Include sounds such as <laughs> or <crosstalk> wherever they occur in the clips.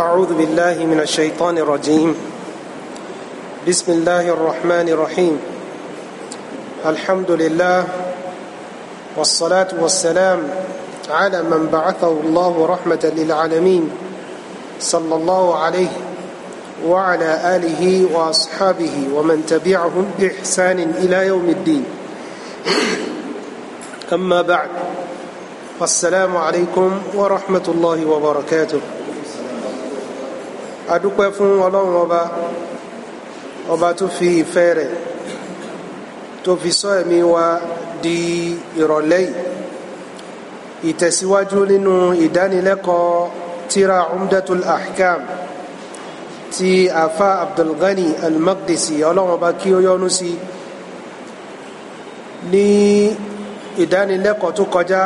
أعوذ بالله من الشيطان الرجيم بسم الله الرحمن الرحيم الحمد لله والصلاة والسلام على من بعثه الله رحمة للعالمين صلى الله عليه وعلى آله وأصحابه ومن تبعهم بإحسان إلى يوم الدين أما بعد فالسلام عليكم ورحمة الله وبركاته adúpẹ́ fún ọlọ́run ọba ọba tó fi ìfẹ́ rẹ̀ tó fi sọ ẹ̀mí wa di ìrọ̀lẹ́ yìí ìtẹ̀síwájú nínú ìdánilẹ́kọ̀ọ́ tírà umdatul ahkam ti afa abdulgani almaqdisi ọlọ́run ọba kí ó yọ́nú sí ní ìdánilẹ́kọ̀ọ́ tó kọjá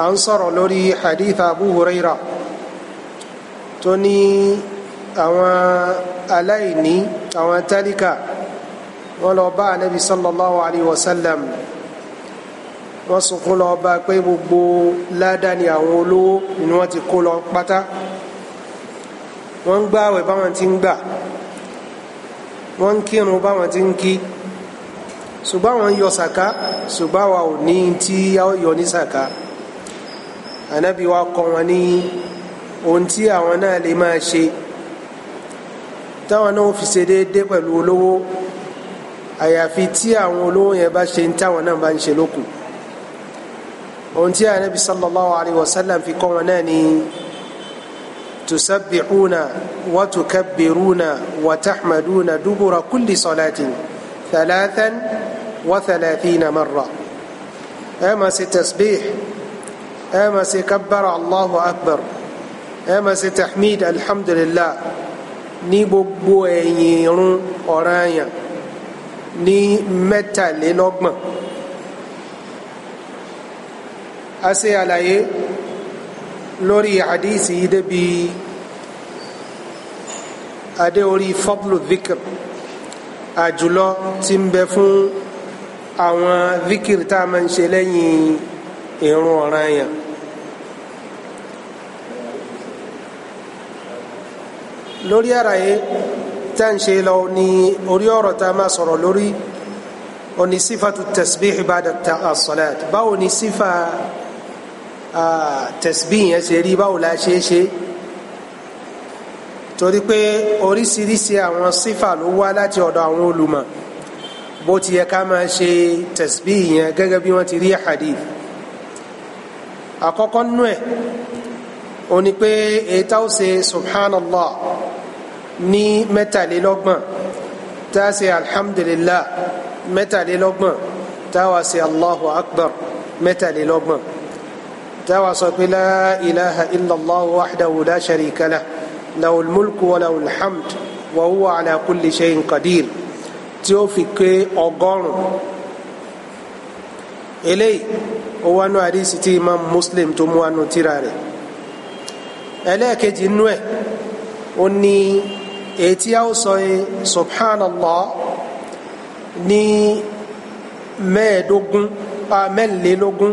à ń sọ̀rọ̀ lórí hadith abu hurairah tó ní àwọn aláìní àwọn tálíkà wọ́n lọ bá anabi sallallahu alayhi wa sallam wọ́n sunkún lọ bá pé gbogbo ládàá ni àwọn olówó ni wọ́n ti kó lọ pátá wọ́n ń gbààwẹ̀ báwọn ti ń gbà wọ́n ń kírun báwọn ti ń kí ṣùgbọ́n àwọn yọ sàká ṣùgbọ́n àwa ò ní tí yọ ní sàká ànábi wa kọ́ wọn ní ohun tí àwọn náà lè máa ṣe táwọn náà fi ṣe déédéé pẹ̀lú olówó àyàfi tí àwọn olówó yẹn bá ṣe ń táwọn náà bá ń ṣe lókun ohun tí anabi sallallahu alayhi wa sallam fi kọ́ wọn náà ni tusabbihuna wa tukabbiruna wa tahmaduna dubura kulli salatin thalathan ẹ máa ṣe tasbih ẹ máa ṣe kabbara allahu akbar ẹ máa ṣe tahmid alhamdulillah ní gbogbo ẹ̀yìn irun ọ̀ranyàn ní mẹ́tàlélọ́gbọ̀n a ṣe àlàyé lórí hadisi yìí débi adé orí fadlu dhikr àjùlọ tí ń bẹ fún àwọn dhikr tá a máa ń ṣe lẹ́yìn irun ọ̀ranyàn. lórí àlàyé tá n ṣe lọ ní orí ọ̀rọ̀ tá a máa sọ̀rọ̀ lórí ó ní sífàtú tasbih ba'da as-salat báwo ni sífà tasbih yẹn ṣe rí báwo la ṣe é ṣe torí pé oríṣiríṣi àwọn sífà ló wá láti ọ̀dọ̀ àwọn olùmọ̀ bó ti yẹ ká máa ṣe tasbih yẹn gẹ́gẹ́ bí wọ́n ti rí hadith àkọ́kọ́ nú ẹ̀ ó ní pé ètà ó ṣe subhanallah ní mẹ́tàlélọ́gbọ̀n tá a ṣe alhamdulillah mẹ́tàlélọ́gbọ̀n tá a wá ṣe allahu akbar mẹ́tàlélọ́gbọ̀n tá a wá sọ pé la ilaha illallah wahdahu la sharika lah lahul mulku wa lahul hamd wa huwa ala kulli shay'in qadir tí ó fi ké ọgọ́rùn eléyìí ó wá nú àdìsí tí imam muslim tó mú wá nú tírà rẹ̀ ẹlẹ́ẹ̀kejì inú ẹ̀ ó ní èyí tí a ó sọ ẹ subhanallah ní mẹ́ẹ̀ẹ́dógún mẹ́ẹ̀lélógún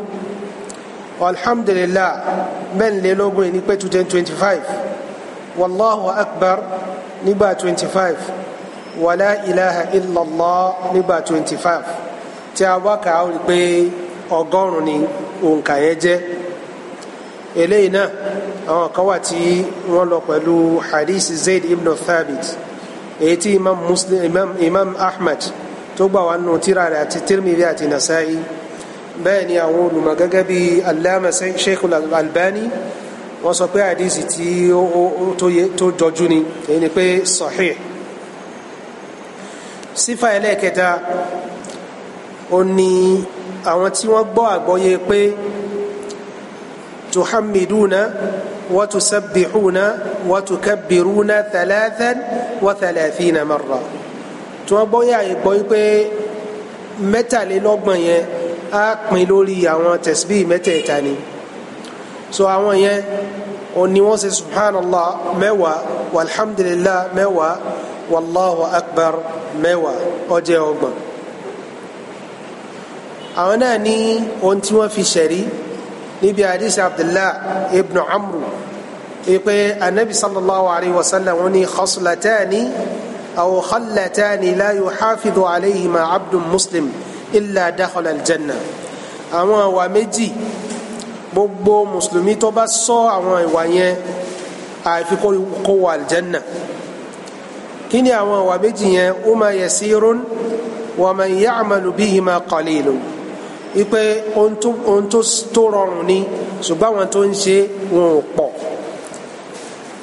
alhamdulillah mẹ́ẹ̀lélógún ní pé two twenty five wallahu akbar nígbà 25، five wàlá ilaha illallah nígbà twenty tí a wá rí pé ọgọ́rùn-ún ni òǹkà yẹn jẹ́ eléyìí náà àwọn kan wà tí wọ́n lọ pẹ̀lú hadith zayd ibn thabit èyí tí imam muslim imam imam ahmad tó gbà wà nù tírà rẹ̀ àti tirmidhi àti nasa'i bẹ́ẹ̀ ni àwọn olùmọ̀ gẹ́gẹ́ bí allama sheikh albani wọ́n sọ pé hadith tí tó jọjú ni èyí ni pé sahih sífà ẹlẹ́ẹ̀kẹta ó ní àwọn tí wọ́n gbọ́ àgbọ́yé pé. تحمدون وتسبحون وتكبرون ثلاثا وثلاثين مرة tí wọ́n gbọ́ yà gbọ́ pé mẹ́tàlélọ́gbọ̀n yẹn á pín lórí àwọn tẹ̀síbí mẹ́tẹ̀ẹ̀ta ni so àwọn yẹn ó ní wọ́n ṣe subhanallah mẹ́wàá walhamdulillah mẹ́wàá wallahu akbar mẹ́wàá ó jẹ́ ọgbọ̀n àwọn náà ní ohun tí wọ́n fi ṣẹ̀rí níbi àdìsí abdullah ibn amru ipe anabi sallallahu alayhi wa sallam wọn ni khaslatani aw khallatani la yuhafidhu alayhima abdul muslim illa dakhala aljanna àwọn àwa méjì gbogbo mùsùlùmí tó bá ṣọ́ àwọn ìwà yẹn àfi kó wọ aljanna kí ni àwọn àwa méjì yẹn uma yasirun wa man ya'malu bihima qalilun wípé ohun tó rọrùn ni ṣùgbọ́n àwọn tó ń ṣe wọn ò pọ̀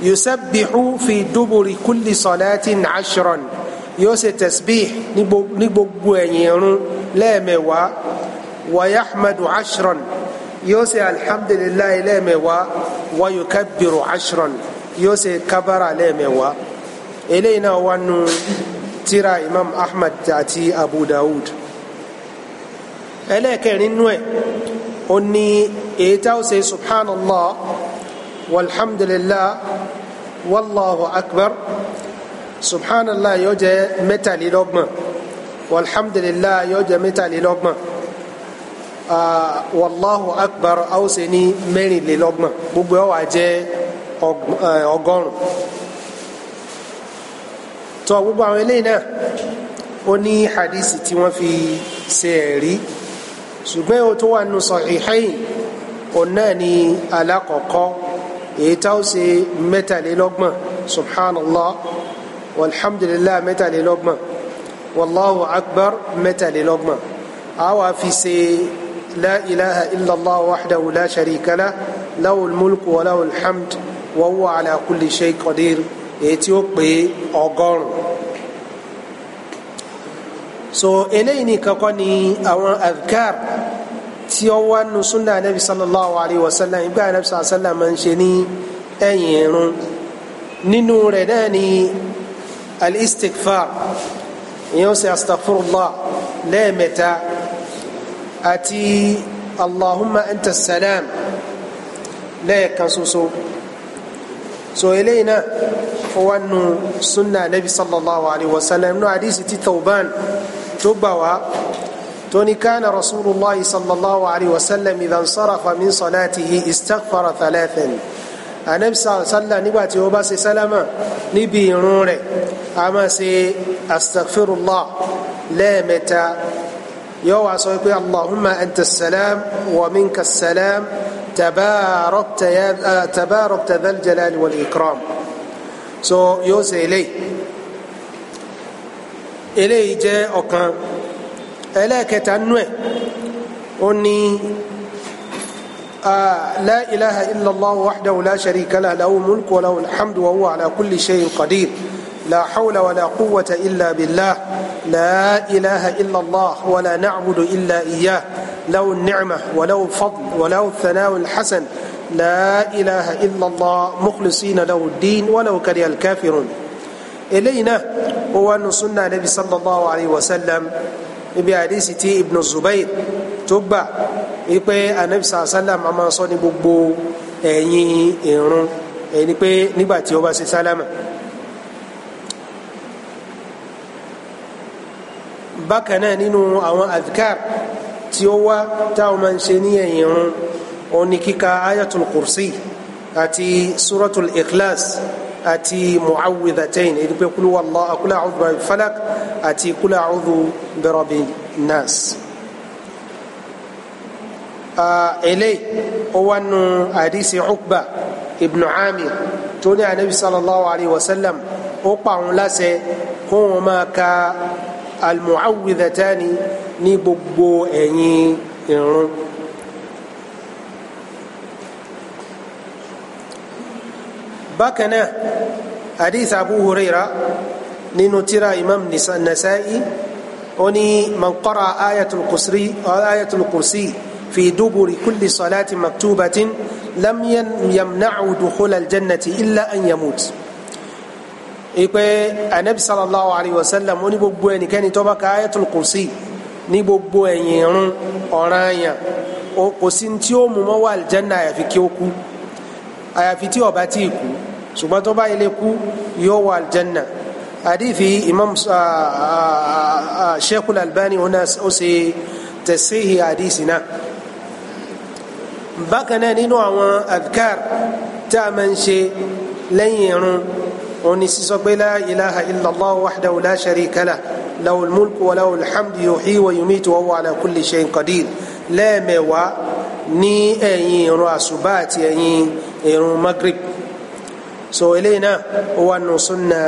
yusabbihu fi duburi kulli salatin ashran yóò ṣe tasbih ní gbogbo ẹ̀yìn irun lẹ́ẹ̀mẹ̀wàá wa yahmadu ashran yóò ṣe alhamdulilayi lẹ́ẹ̀mẹ̀wàá wa yukabbiru ashran yóò ṣe kábàrà lẹ́ẹ̀mẹ̀wàá eléyìí náà wà nù tírà imam ahmad àti abu dawud ẹlẹ́ẹ̀kẹrin nú ẹ̀ ó ní èyí tá ó ṣe subhanallah walhamdulillah wallahu akbar subhanallah yóò jẹ mẹ́tàlélọ́gbọ̀n walhamdulillah yóò jẹ mẹ́tàlélọ́gbọ̀n wallahu akbar a ó ṣe ní mẹ́rìnlélọ́gbọ̀n gbogbo ẹ̀ wà jẹ́ ọgọ́rùn tó gbogbo àwọn eléyìí náà ó ní hadisi tí wọ́n fi ṣe ẹ̀rí ṣùgbọ́n o tó wà nù Sahihayn òun náà ni alákọ̀ọ́kọ́ èyí tá ó ṣe mẹ́tàlélọ́gbọ̀n subhanallah walhamdulillah mẹ́tàlélọ́gbọ̀n wallahu akbar mẹ́tàlélọ́gbọ̀n a wá fi ṣe la ilaha illallah wahdahu la sharika lah lahul mulku wa lahul hamd wa huwa ala kulli èyí tí ó pé ọgọ́rùn-ún so eléyìí nìkan kọ́ ni àwọn adhkar tí ó wá nu sunna anabi sallallahu alayhi wa sallam ìgbà anabi sallallahu alayhi wa sallam máa ń ṣe ní ẹ̀yìn irun nínú rẹ̀ náà ni al ìyẹn ó ṣe astaghfirullah lẹ́ẹ̀mẹ́ta àti allahumma anta salam lẹ́ẹ̀kan ṣoṣo so eléyìí náà ó wá nu sunna anabi sallallahu alayhi wa sallam nínú hadisi ti tawban tó gbà wá tó ní kánà rasulillah sallallahu alayhi wa sallam idan sarafa min salatihi istaghfara thalathan anabisa sallah nígbà tí ó bá ṣe sálámà níbi ìrun rẹ̀ a máa ṣe astaghfirullah lẹ́ẹ̀mẹ́ta yóò wá sọ pé allahumma anta salam wa minka salam tabarakta ya tabarakta wal ikram so yóò ṣe eléyìí eléyìí jẹ́ ọ̀kan ẹlẹ́ẹ̀kẹta nú ẹ̀ ó ní la ilaha illallah wahdahu la sharika lah lahu mulku wa lahu alhamdu wa huwa ala kulli shay'in qadir la hawla wa la quwwata illa billah la ilaha illallah wa la na'budu illa iyyah lahu an-ni'mah wa lahu al-fadl wa lahu ath-thana'u al-hasan la ilaha illallah mukhlisina lahu ad-din wa law kariha al-kafirun eléyìí náà ó wà nù sunna nabi sallallahu alayhi wa sallam ibi àdìsí ti ibnu zubair tó gbà wípé anabi sallallahu alayhi wa sallam a máa sọ ní gbogbo ẹ̀yìn ìrun ẹni pé nígbà tí ó bá ṣe sálámà. bákan náà nínú àwọn adhkar tí ó wá táwọn máa ń ṣe ní ẹ̀yìn ìrun ó ní kíka ayatul kursi àti suratul ikhlas àti muawwidhatayn èyí pé kúlú wàllá kúlú a'udhu bi falak àti kúlú a'udhu bi rabbin nas. eléyìí ó wà nù àdìsí Uqba ibn Amir tó ní anabi sallallahu alayhi wa sallam ó pa àwọn láṣẹ kó wọn máa ka almuawwidhatani ní gbogbo ẹ̀yìn ìrun. bákan náà hadith abu huraira nínú tírà imam nasa'i ó ní man qara ayatul kursi ayatul kursi fi duburi kulli salati maktubatin lam yamna'u dukhul aljannati illa an yamut ipe anabi sallallahu alayhi wa sallam ó ní gbogbo ẹnikẹ́ni tó ka ayatul kursi ní gbogbo ẹ̀yìn irun ọ̀ranyàn kò sí tí ó mú mọ́ wà aljanna àyàfi kí ó kú àyàfi tí ó bá tí kú ṣùgbọ́n tó bá ilé kú yóò wà aljanna àdìfi imam ah, ah, ah, sheikhul albani ona ó ṣe tẹsíhì àdìsí náà bákan náà nínú àwọn adkar tá a máa ń ṣe lẹ́yìn irun òun ni sísọ pé la ilaha illallah wahdahu la sharika lah lahul mulku wa lahul hamdu yuhyi wa yumitu wa ala kulli shay'in qadir lẹ́ẹ̀mẹ̀wá ní ẹ̀yìn irun àṣùbà àti ẹ̀yìn irun magrib so eléyìí náà ó wà nù sunna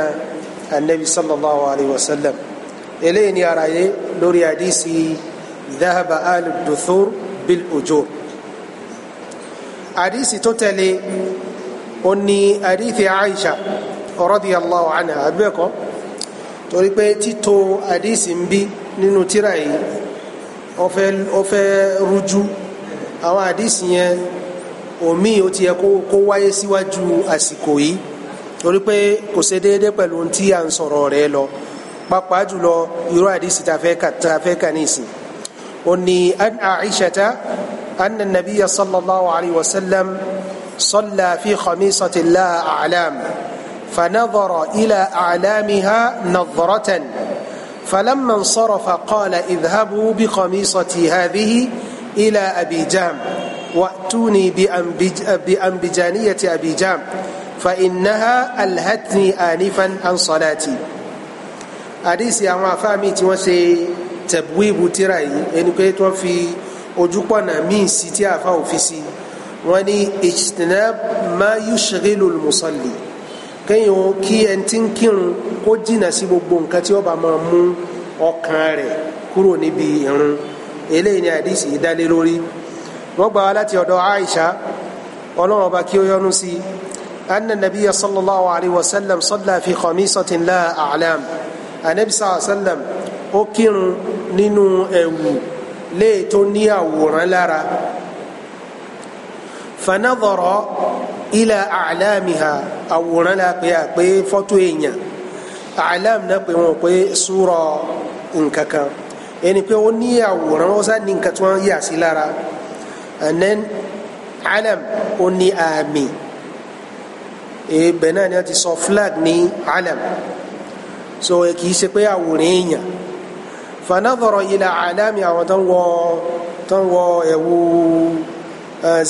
anabi sallallahu alayhi wa sallam eléyìí ni ara yẹ lórí àdìsí dhahaba alu duthur bil ujur àdìsí tó tẹ̀lé ó ní àdìsí aisha radiyallahu anha abẹ́kọ̀ọ́ torí pé títò àdìsí ń bí nínú tírà yìí ó fẹ́ rújú àwọn àdìsí yẹn omi ó ti yẹ kó wáyé síwájú àsìkò yìí torí pé kò ṣe déédéé pẹ̀lú ohun tí à ń sọ̀rọ̀ rẹ̀ lọ pàápàá jùlọ irú àdìsí tá a fẹ́ ó ní an anna nabiya sallallahu alayhi wa sallam salla fi khamisati la a'lam fanadhara ila a'lamiha nadratan falamma ansarafa qala idhabu bi khamisati hadhihi ila abi واتوني بأنبجانية أبي جام فإنها ألهتني آنفا عن صلاتي àdìsí àwọn afáàmì tí wọ́n ṣe tẹ̀búìbù tíra yìí ẹni pé tí wọ́n fi ojúpọ̀nà míì sí tí àfa ò fi sí wọ́n ní ijtinab ma yushghilu al-musalli kẹ́yìn o kí ẹni tí ń kírun kó jìnnà sí gbogbo nǹkan tí ó bá máa mú ọkàn rẹ̀ kúrò níbi ìrun eléyìí ni àdìsí dálé lórí wọ́n gbà wá láti ọ̀dọ̀ Aisha ọlọ́run ọba kí ó yọ́nú sí anna nabiya sallallahu alayhi wa sallam salla fi khamisatin la a'lam anabi sallallahu alayhi wa sallam ó kírun nínú ẹ̀wù léè tó ní àwòrán lára fanadọrọ ilà àlámìhà àwòrán la pé àpé fọ́tò èèyàn àlám náà pé wọn pé súrọ nǹkan ẹni pé ó ní àwòrán ó sá ní nǹkan tí sí lára and then alam ó ní àmì ibẹ̀ náà ni wọ́n ti sọ flag ní alam so kì í ṣe pé àwòrán èèyàn fanadọrọ ilà alami àwọn tó ń wọ tó ń wọ ẹ̀wù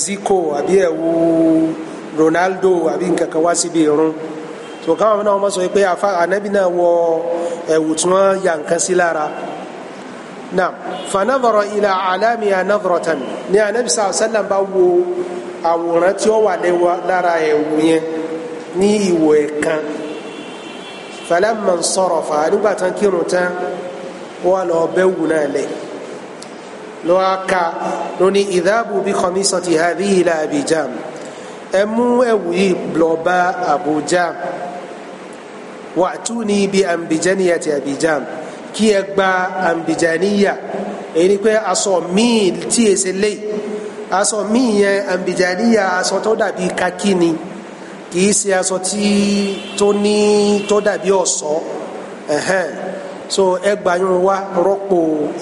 zico àbí ẹ̀wù ronaldo àbí nǹkan kan wá síbi irun so káwọn náà wọ́n sọ pé ànábì náà wọ ẹ̀wù tí wọ́n ya nǹkan sí lára naam fanadara ila alamiya nadaratan ní anabi sàlá sàlám bá wo àwòrán tí ó wà lára ẹ̀wù yẹn ní ìwò ẹ̀kan falamma nsarafa nígbà tán kírun tán wọ́n lọ bẹ́ wù náà lẹ̀ lọ́wọ́ ká lóní idhabu bi khamisati hadhihi ila abi jam ẹ mú ẹ̀wù yìí lọ bá abu jam wa'tuni bi anbijaniyati abi jam kí ẹ gba àmbìjàníyà èyí ni pé aṣọ míì tí èsè lé aṣọ míì yẹn àmbìjàníyà aṣọ tó dàbí kakí ni kì í ṣe aṣọ tí tó ní tó dàbí ọ̀ṣọ́ ẹ̀hẹ́n so ẹgbàáyún wa rọ́pò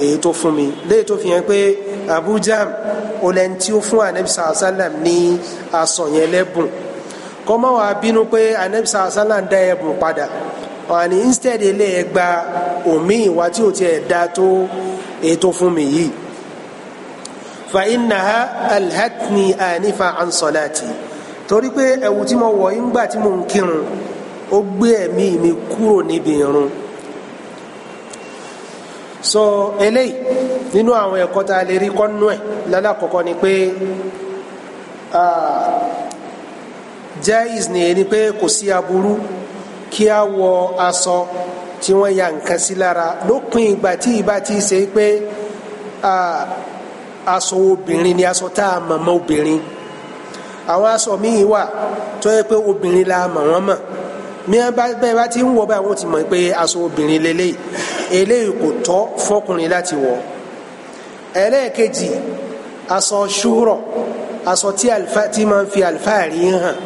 èyí tó fún mi léyìí tó fi hàn pé abuja olẹ́ni tí ó fún anabi sàlám ní aṣọ yẹn lẹ́bùn kọ́mọ́ wa bínú pé anabi sàlám dá ẹ̀bùn padà. wọn ni instead ilé ẹ gba omi ìwà tí o tiẹ̀ da tó ètò fún mi yìí fa innaha alhatni anifa an salati torí pé ẹ̀wù tí mo wọ̀ yín gbà tí mo ń kírun ó gbé ẹ̀mí mi kúrò níbi irun so eléyìí nínú àwọn ẹ̀kọ́ tá a lè rí kọ́nú ẹ̀ lálàkọ́kọ́ ni pé ah, jaiz ni ẹni pé kò sí aburú kí a wọ aṣọ tí wọ́n ya nǹkan sí lára lópin ìgbà tí ìbá ti ṣe pé aṣọ obìnrin ni aṣọ tá a mọ̀ mọ́ obìnrin àwọn aṣọ míì wà tó yẹ pé obìnrin la mọ̀ wọ́n mọ̀ mìíràn bẹ́ẹ̀ bá ti ń wọ báyìí wọ́n ti mọ̀ pé aṣọ obìnrin lélẹ́yìí eléyìí kò tọ́ fọkùnrin láti wọ̀ ẹlẹ́ẹ̀kejì aṣọ ṣúrọ̀ aṣọ tí máa ń fi àlùfáàrí hàn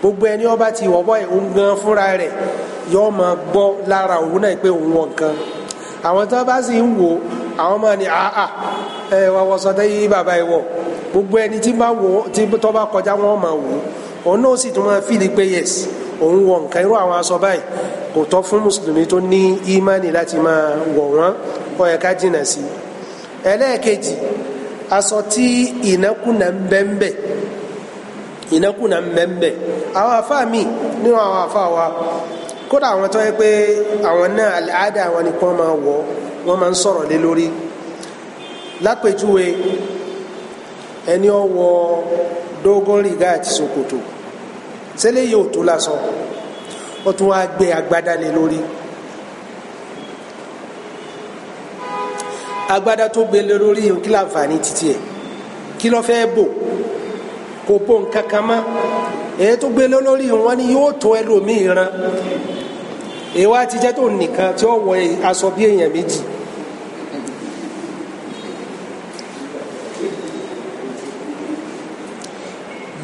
gbogbo ẹni ọba ti wọ̀ bọ́ẹ̀ òun gan fúnra rẹ̀ yóò máa gbọ́ lára òun náà pé òun wọ̀n kan àwọn tó bá sì ń wò àwọn máa ní àá ẹ wà wọ sọdẹ yìí bàbá ẹ wọ gbogbo ẹni tí bá wò tí tó bá kọjá wọn máa wò òun náà sì tún máa fìlì pé yes òun wọ̀n kan irú àwọn aṣọ báyìí kò tọ́ fún mùsùlùmí tó ní ímánì láti máa wọ̀ wọ́n kó yẹ ká jìnnà sí i ẹlẹ́ẹ̀kejì aṣọ tí ìnákùnà ń bẹ́ẹ̀ bẹ́ẹ̀ ìnákùná mbẹ́mbẹ́ àwọn afá mi nínú àwọn afá wa kódà àwọn tó yẹ pé àwọn náà àdáda àwọn ni kò máa wọ̀ wọ́n máa ń sọ̀rọ̀ lé lórí lápèjúwe ẹni ó wọ̀ dogon riga àti ṣòkòtò sẹ́lẹ̀ yóò tó lásán ó tún wá gbé agbádá lé lórí. agbádá tó gbé lé lórí kí láǹfààní títí ẹ̀ kí ló fẹ́ bò kò bó nǹkan kan mọ́ èyí tó gbélé lórí wọn ni yóò tó ẹlòmíì ran èyí wá ti jẹ́ tó nìkan tí ó wọ aṣọ bí èèyàn méjì.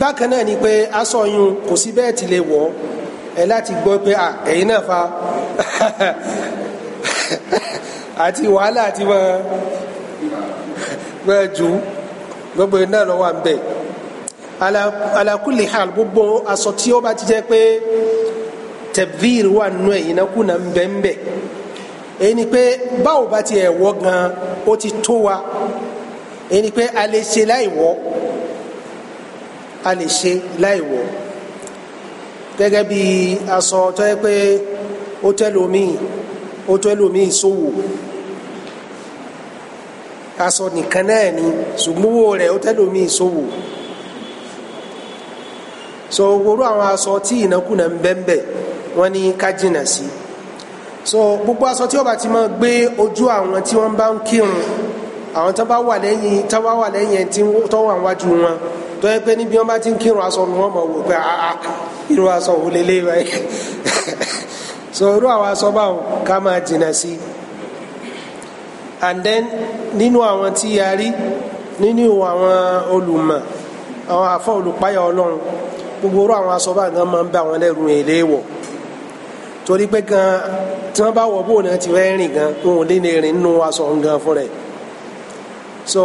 bákan náà ni pé aṣọ yun kò sí bẹ́ẹ̀ ti lè wọ̀ ẹ láti gbọ́ pé à ẹ̀yin náà fa <laughs> àti wàhálà àti mọ́ ẹ jù gbogbo iná lọ́wọ́ à ń bẹ̀ ala kulli hal gbogbo aṣọ tí ó bá ti jẹ́ pé tẹ̀bíìrì wà nù ẹ̀ ìnákùnà ń bẹ́ẹ̀ bẹ́ẹ̀ ẹni pé báwo bá ti ẹ̀ wọ́ gan ó ti tó wa ẹni pé a lè ṣe láì wọ́ a lè ṣe láì wọ́ gẹ́gẹ́ bí aṣọ tó yẹ pé ó tẹ́ lómìn ó tẹ́ lómìn sówò aṣọ nìkan náà ni ṣùgbọ́n owó rẹ̀ ó tẹ́ lómìn sówò. So so gbogbo àwọn aṣọ tí ìnákúnà ń bẹ́ńbẹ́ wọ́n ní ká jìnà sí so gbogbo aṣọ tí ó bá ti máa gbé ojú àwọn tí wọ́n bá ń kírun àwọn tó bá wà lẹ́yìn tó bá wà lẹ́yìn tí tó wà wájú wọn tó yẹ pé níbi wọn bá ti ń kírun aṣọ ni wọn mọ̀ wò pé àà ah, ah, irú aṣọ wò lélẹ́ báyìí <laughs> so irú àwọn aṣọ báwọn ká máa jìnà sí and then nínú àwọn tí a nínú àwọn olùmọ̀ àwọn àfọ olùpáyà Ọlọ́run gbogbo orú àwọn aṣọ gan ma máa ń bá àwọn ẹlẹ́rù èlé wọ̀ torí pé gan tí wọ́n bá wọ̀ bó náà ti fẹ́ rìn gan wọn ò lè lè rìn nínú gan fún so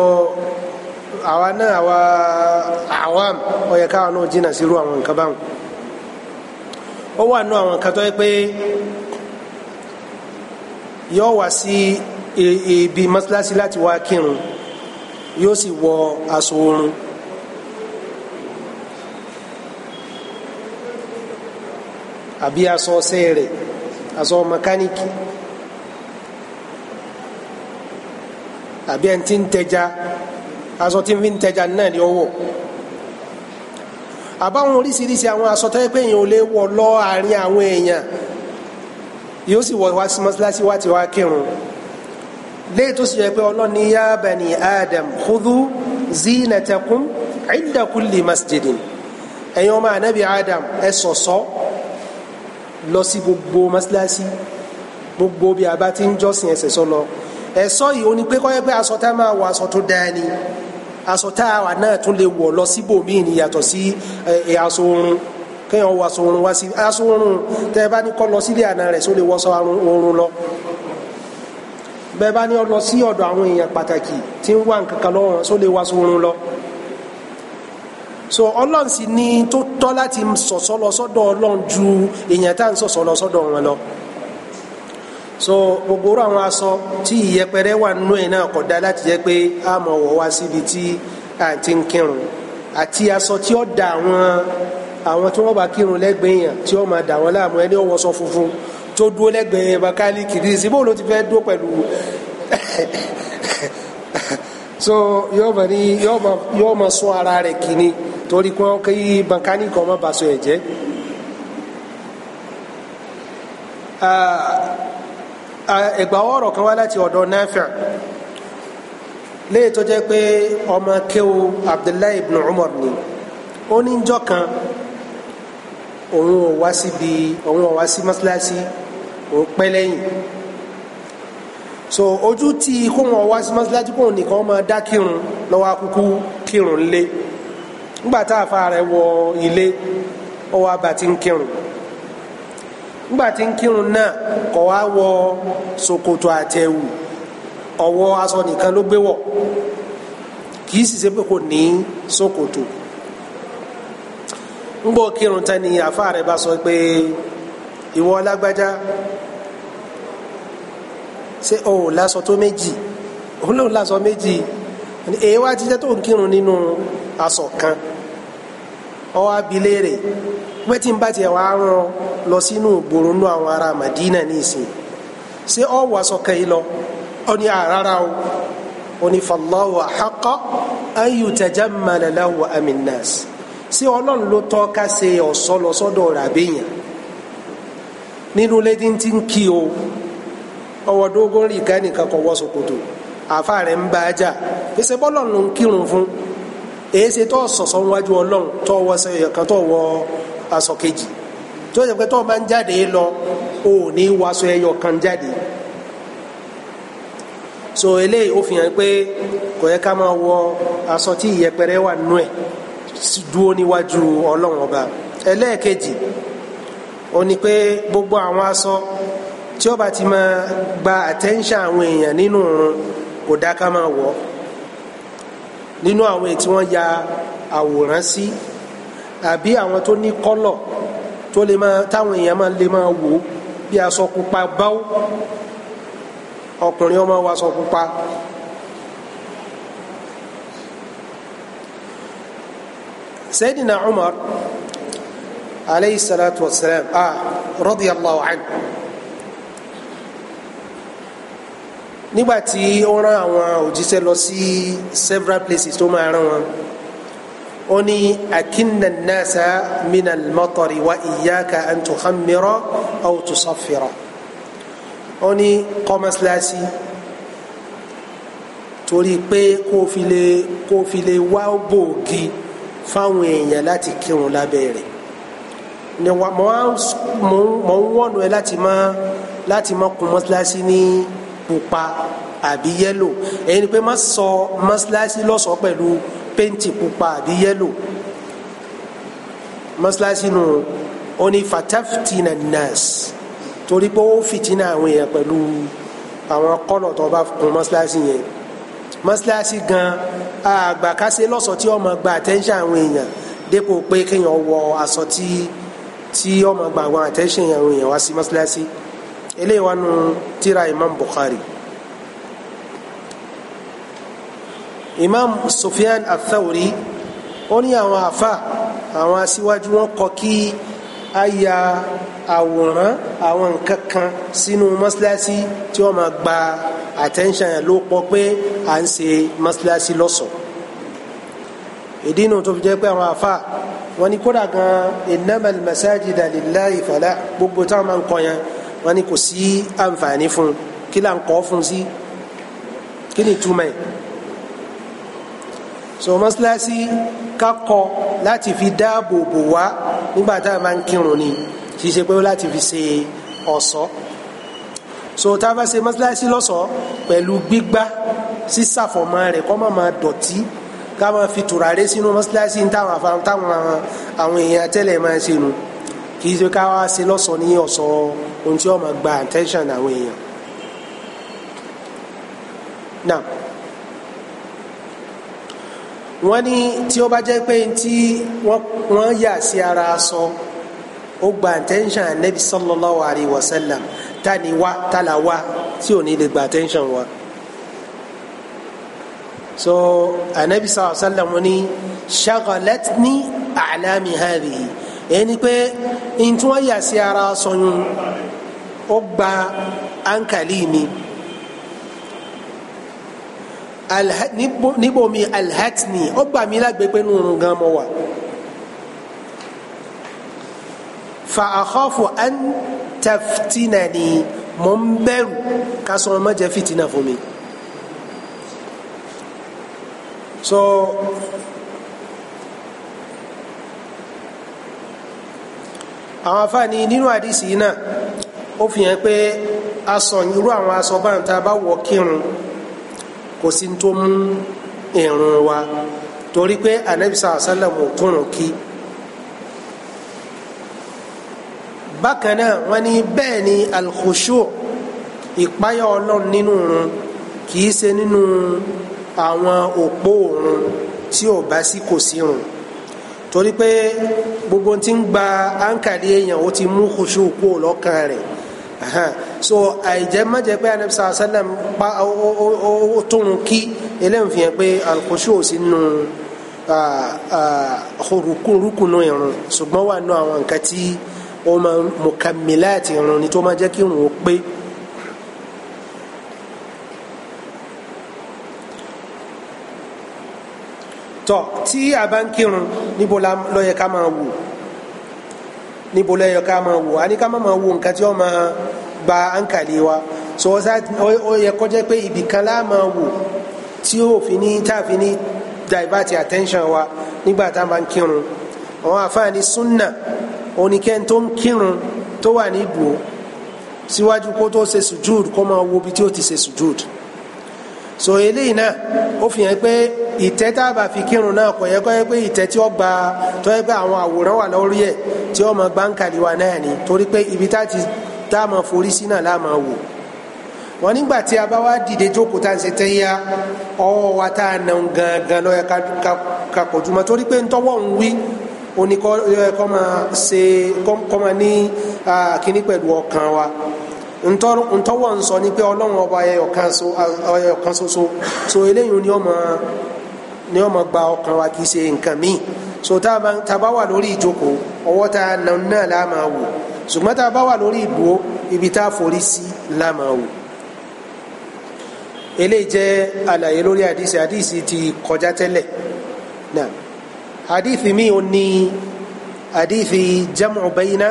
àwa náà àwa àwam ó yẹ náà jìnnà sí irú àwọn nǹkan báwọn ó wà àwọn nǹkan tó yẹ pé yóò wá sí ibi láti wá kírun yóò àbí aṣọ ọṣẹ rẹ̀ aṣọ mẹkáníìkì àbí ẹni tí ń tẹja aṣọ tí ń fi ń tẹja náà ni ó wọ̀ àbáwọn oríṣiríṣi àwọn aṣọ tẹ́lẹ̀ pé èèyàn ò lè wọ̀ lọ àárín àwọn èèyàn yóò sì wọ̀ wá sí wá ti wá kírun léè tó sì yẹ pé ọlọ́ni yá bani adam khudhu zinatakum inda kulli masjidin ẹ̀yin ọmọ anabi adam ẹ ṣọ̀ṣọ́. So -so lọ sí gbogbo mọ́sálásí gbogbo bí a bá ti ń jọ́sìn ẹsẹ̀ sọ lọ ẹ̀sọ́ yìí ó ní pé kọ́yẹ́ pé aṣọ tá máa wọ aṣọ tó dáa ni aṣọ tá a wà náà tún lè wọ̀ lọ síbòmíì ni yàtọ̀ sí aṣọ oorun kéèyàn wọ aṣọ oorun wá sí aṣọ oorun tẹ́ ẹ bá ní kó lọ sílé àná rẹ̀ só lè wọ aṣọ oorun lọ bẹ́ẹ̀ bá ní ọ lọ sí ọ̀dọ̀ àwọn èèyàn pàtàkì tí ń wá nǹkan kan lọ́wọ́ só lè wọ aṣọ oorun lọ so ọlọ́run sì ni tó tọ́ láti sọ̀sọ́ lọ sọ́dọ̀ ọlọ́run ju èèyàn tá à ń sọ̀sọ́ lọ sọ́dọ̀ wọn lọ so gbogbo orú àwọn aṣọ tí ìyẹpẹrẹ wà nínú ẹ̀ náà kódà láti jẹ́ pé a mọ̀ wọ̀ wá síbi tí a ti ń kírun àti aṣọ tí ó da àwọn àwọn tí wọ́n bá kírun lẹ́gbẹ̀ẹ́ yàn tí ó máa dà wọ́n láàmú ẹni ọwọ́ sọ funfun tó dúró lẹ́gbẹ̀ẹ́ bakali kìrìsì bó ló ti fẹ́ dúró pẹ̀lú <laughs> so yóò máa sún ara rẹ̀ kìíní. torí pé wọ́n kí mẹkáníkì ọmọ bá sọ ẹ̀ jẹ́ ẹ̀gbà ọ̀rọ̀ kan wá láti ọ̀dọ̀ Nafi' léyìí tó jẹ́ pé ọmọ Abdullahi ibn Umar ni ó ní njọ kan òun ò wá síbi òun ò wá sí so ojú ti kó wọn wá sí mọ́sálásí kó nìkan máa dá kírun ńgbàtà afaare rẹ̀ wọ ilé ó wá bá ti nkirun kírun ńgbà tí ń kírun náà kọ̀ wá wọ ṣòkòtò àtẹ̀wù ọ̀wọ́ aṣọ nìkan ló gbé wọ̀ kì í sì ṣe pé kò ní ṣòkòtò ńgbọ́ kírun tán ni àfa rẹ̀ bá sọ pé ìwọ lágbájá ṣé o ò láṣọ tó méjì òun lòun láṣọ méjì èèwà ti tó ń kírun nínú aṣọ kan. ọwọ́ abilé rẹ̀ pé tí n bá tiẹ̀ wá rán lọ sínú ìgboro nú àwọn ará Madina nísìnyí ṣé ọ wà sọkẹ́ yìí lọ ọ ní àràrà o ọ ní fallahu haqqa an yutajammala lahu amin Aminas. ṣé ọlọ́run ló tọ́ ká ṣe ọ̀ṣọ́ lọ sọ́dọ̀ rẹ̀ àbẹ̀yàn nínú lédi tí ń kí o ọwọ́ dógún rí ká nìkan kọ̀ wọ́ ṣòkòtò àfa rẹ̀ ń bá a jà pèsè bọ́lọ́run ń kírun fún èéṣe tó sọ̀sọ̀ wájú ọlọ́run tó wọ sẹ́yìn kan tó wọ aṣọ kejì tó yẹ pé tó máa ń jáde lọ o ò ní wàṣọ ẹyọ kan jáde so eléyìí ó fi hàn pé kò yẹ ká máa wọ aṣọ tí ìyẹpẹrẹ wà nú ẹ níwájú ọlọ́run ọba ẹlẹ́ẹ̀kejì ó ní gbogbo àwọn aṣọ tí ó bá ti máa gba attention àwọn èèyàn nínú òun kò dá ká máa nínú àwọn tí wọ́n ya àwòrán sí àbí àwọn tó ní kọ́lọ̀ tó lè máa táwọn èèyàn máa lè máa wò ó bí aṣọ pupa báwò ọkùnrin ọmọ wa aṣọ pupa. Sayyidina Umar aleyhi salatu wa salam ah radiyallahu anhu. nígbàtí ó rán àwọn òjíṣẹ́ lọ sí several places tó máa rán wọn ó ní akinna nasa mina mọtọri wa iyaka antuhamira aw tusafira ó ní kọ́mọ́síláṣí torí pé kó fi lè kó fi lè wá bòógì fáwọn èèyàn láti kírun lábẹ́ rẹ̀ ni mo ń wọ̀nù ẹ láti má láti má kún ní pupa àbí yẹ́lò èyí ni pé má sọ mọ́sálásí lọ́sọ̀ọ́ pẹ̀lú pẹ́ǹtì pupa àbí yẹ́lò mọ́sálásí nù ó ní fataftina nas torí pé ó fìtínà àwọn èèyàn pẹ̀lú àwọn kọ́lọ̀ tó bá kun mọ́sálásí yẹn mọ́sálásí gan àgbà kásẹ̀ tí ó gba attention àwọn èèyàn dépò pé kéèyàn wọ aṣọ tí tí gba àwọn attention àwọn èèyàn wá sí mọ́sálásí. Si eléyìí wà nù tírà imam bukhari imam sufyan athawri ó ní àwọn afa àwọn aṣíwájú wọn kọ kí a ya àwòrán àwọn nǹkan kan sínú mọ́ṣáláṣí tí wọ́n máa gba attention yẹn ló pọ̀ pé à ń ṣe mọ́ṣáláṣí lọ́sọ̀ọ́ ìdí inú tó fi jẹ́ pé àwọn afa wọn ni kódà gan innamal masajida lillahi fala gbogbo táwọn máa ń kọ yẹn wọn ni kò sí àǹfààní fún kí là ń kọ́ fún sí kí ni túmọ̀ ẹ̀ so mọ́sálásí kakọ láti fi dáàbò bò wá nígbà tá a máa ń kírun ni kì í ṣe pé láti fi ṣe ọ̀ṣọ́ so tá a bá ṣe mọ́sálásí lọ́ṣọ̀ọ́ pẹ̀lú gbígbá sísàfọ̀mọ́ rẹ̀ kọ́ máa máa dọ̀tí ká máa fi tùràrí sínú mọ́sálásí táwọn àwọn èèyàn tẹ́lẹ̀ máa ṣe nu. No kì í ṣe ká wá ṣe lọ́sọ̀ ní ọ̀sọ̀ ohun tí wọ́n máa gba attention àwọn èèyàn. now wọ́n ní tí ó bá jẹ́ pé tí wọ́n yà sí ara aṣọ ó gba attention anabi sallallahu alayhi wa sallam ta ni wá ta la wá tí ò ní lè gba attention wa. so anabi sallallahu alayhi wa sallam ní shagalatni a'lami hadhihi ẹni pé ntí wọ́n yà sí ara sọyún ó gba ankali mi níbomi alhatni ó gbà mí lágbègbè nínú gan mọ́ wa fa akhafu an taftinani mò ń bẹ̀rù ká sọ̀rọ̀ má jẹ́ fìtínà fún mi so àwọn afáàní nínú àdìsí yìí náà ó fi hàn pé aṣọ irú àwọn aṣọ báyìí bá wọ kírun kò sí tó mú ìrun wa torí pé anabisa asálàmù kírun kí bákan náà wọn ní bẹ́ẹ̀ ni alkhushu ìpáyà Ọlọ́run nínú ìrun kì í ṣe nínú àwọn òpó òrun tí ò bá sí kò sí ìrun torí pé gbogbo tí ń gba ankari èèyàn ó ti mú kùsù kú lọ́kàn rẹ̀ so àìjẹ́ mọ́jẹ́ pé anabi sàlá sàlám pa ó tóun kí eléyìí fi hàn pé alukóṣù ò sí nù rukunrukunu irun ṣùgbọ́n wà nù àwọn nǹkan tí ó máa mùkàmìláàtì irun ni tó máa jẹ́ kí irun ó pé. tọ tí a bá ń kírun níbo ló yẹ ká máa wò níbo ló yẹ ká máa wò àní ká má máa wò nǹkan tí ó máa gba àǹkàlì wa so ó yẹ kó pé ibì kan máa wò tí ó fi ní tá a fi ní divert attention wa nígbà tá a bá ń kírun àwọn àfáàní súnà oníkẹ́ni tó ń kírun tó wà ní ibùó síwájú kó tó ṣe sùjúd kó máa wo ibi tí ó ti ṣe sùjúd. So, so eléyìí náà ó fi hàn pé ìtẹ́ tá a bá fi kírun náà kò yẹ kó yẹ pé ìtẹ́ tí ó gba tó yẹ pé àwọn àwòrán wà lórí ẹ̀ tí ó mọ gbáǹkàlì wa náà ni torí pé ibi tá ti tá a mọ forí sí náà láà máa wò wọn nígbà tí a bá wá dìde jókòó tá à ṣe tẹ́yà ọwọ́ wa tá a nà ń gangan lọ́yẹ ká kọjúmọ́ torí pé ntọ́wọ́ ń wí oníkọ́ kọ́ máa ṣe kọ́ máa ní kíní pẹ̀lú ọkàn wa ntọ́wọ́ ń sọ ni pé ọlọ́run ọba ẹyọkan ṣoṣo so eléyìí ni ọmọ ni ọmọ gba ọkàn wa kì í ṣe nǹkan míì so tá a bá wà lórí ìjókòó ọwọ́ tá a nà náà la máa wò ṣùgbọ́n tá a bá wà lórí ìdúró ibi tá a forí sí la máa wò eléyìí jẹ́ àlàyé lórí àdìsí àdìsí ti kọjá tẹ́lẹ̀ náà àdìsí mi ò ní àdìsí jamu bayna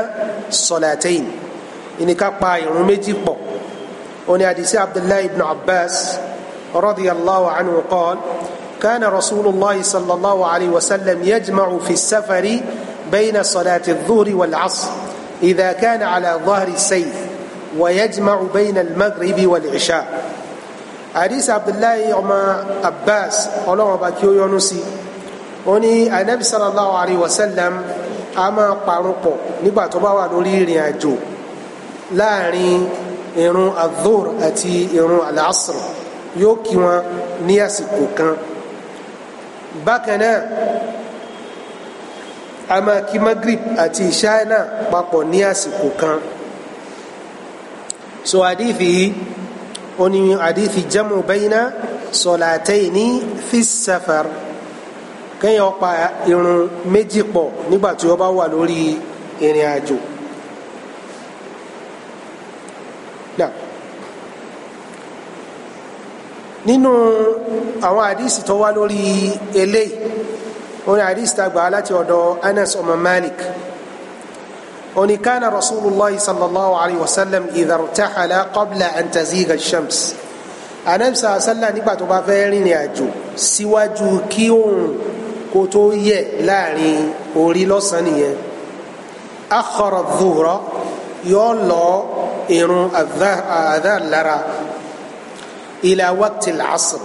salatayn ìníká pa ìrun méjì pọ̀ òní àdìsí abdullahi ibn abbas radiyallahu anhu qala kana rasulillah sallallahu alayhi wa sallam yajma'u fi safari bayna salati dhuhri wal asr idha kana ala dhahri sayf ويجمع بين المغرب والعشاء حديث عبد الله أما عباس ọlọ́run bá kí ó yọ́nú sí ó ní sallallahu alayhi wa sallam a máa parun pọ̀ nígbà tó bá wà lórí ìrìn àjò láàrin irun adhur àti irun alasr yóò kí wọn ní àsìkò kan bákan náà a máa kí magrib àti ìṣáì papọ̀ ní àsìkò kan so àdífi oní àdífi jamu bayna sọlátẹ́yìní fi safar kéèyàn pa irun méjì pọ̀ nígbà tí ó bá wà lórí ìrìn àjò. náà nínú àwọn àdìsí tó wá lórí eléyìí wọn àdìsí tá a gbà láti ọ̀dọ̀ Anas ọmọ Malik oni kana Rasulullahi sallallahu alayhi wa sallam idha irtahala qabla an taziga ash-shams anamsa asala nígbà tó bá fẹ́ rìnrìn àjò síwájú kí òun kó tó yẹ láàrin orí lọ́sàn-án nìyẹn akhara dhuhra yóò lọ́ọ́ irun adhar lára ila waqti al-asr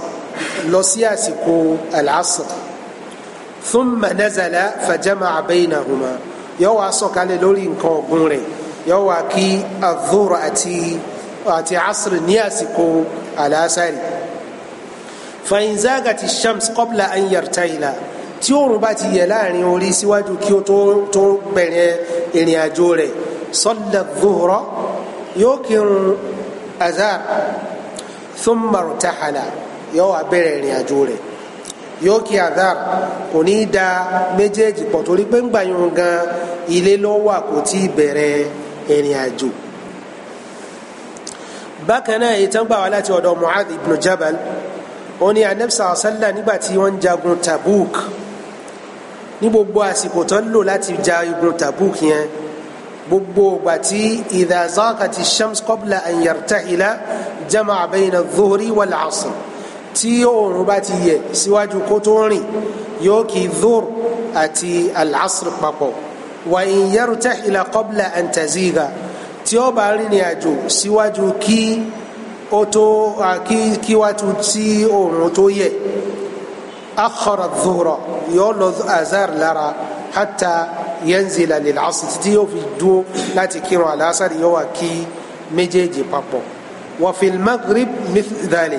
lọ sí àsìkò al-asr thumma nazala fajama'a baynahuma yóò wá sọ̀kalẹ̀ lórí nǹkan ọ̀gùn rẹ̀ yóò wá kí adhur àti àti asr ní àsìkò al-asari fàyín zágàtì shams qabla an yartahila tí oòrùn bá ti yẹ láàrin orí síwájú kí ó tó bẹ̀rẹ̀ ìrìn àjò rẹ̀ salla adh yóò kírun azar thumma irtahala yóò wá bẹ̀rẹ̀ ìrìn àjò rẹ̀ yóò kí azar kò ní í da méjèèjì pọ̀ torí pé ń gbà yun gan ilé ló wà kò tí ì bẹ̀rẹ̀ ìrìn àjò bákan náà èyí tán gbà wá láti ọ̀dọ̀ Mu'adh ibn Jabal ó ní anabisa asálà nígbà tí wọ́n ń jagun Tabuk ní gbogbo àsìkò tán lò láti ja igun Tabuk yẹn gbogbo ìgbà tí idha zaqati shams qabla an yartahila jama'a bayna dhuhri wal asr tí oòrùn bá ti yẹ síwájú kó tó rìn yóò kí dhuhr àti al-asr papọ̀ wa in yartahila qabla an taziga tí ó bá rìn ìrìn àjò síwájú kí ó tó kí kí wá tu tí oòrùn tó yẹ akhara dhuhra yóò lọ azar lára hatta yẹnzila lè lásì títí yóò fi dúró láti kírun àlásàrì yóò wà kí méjèèjì papọ̀ wàfíìl magrib mithidali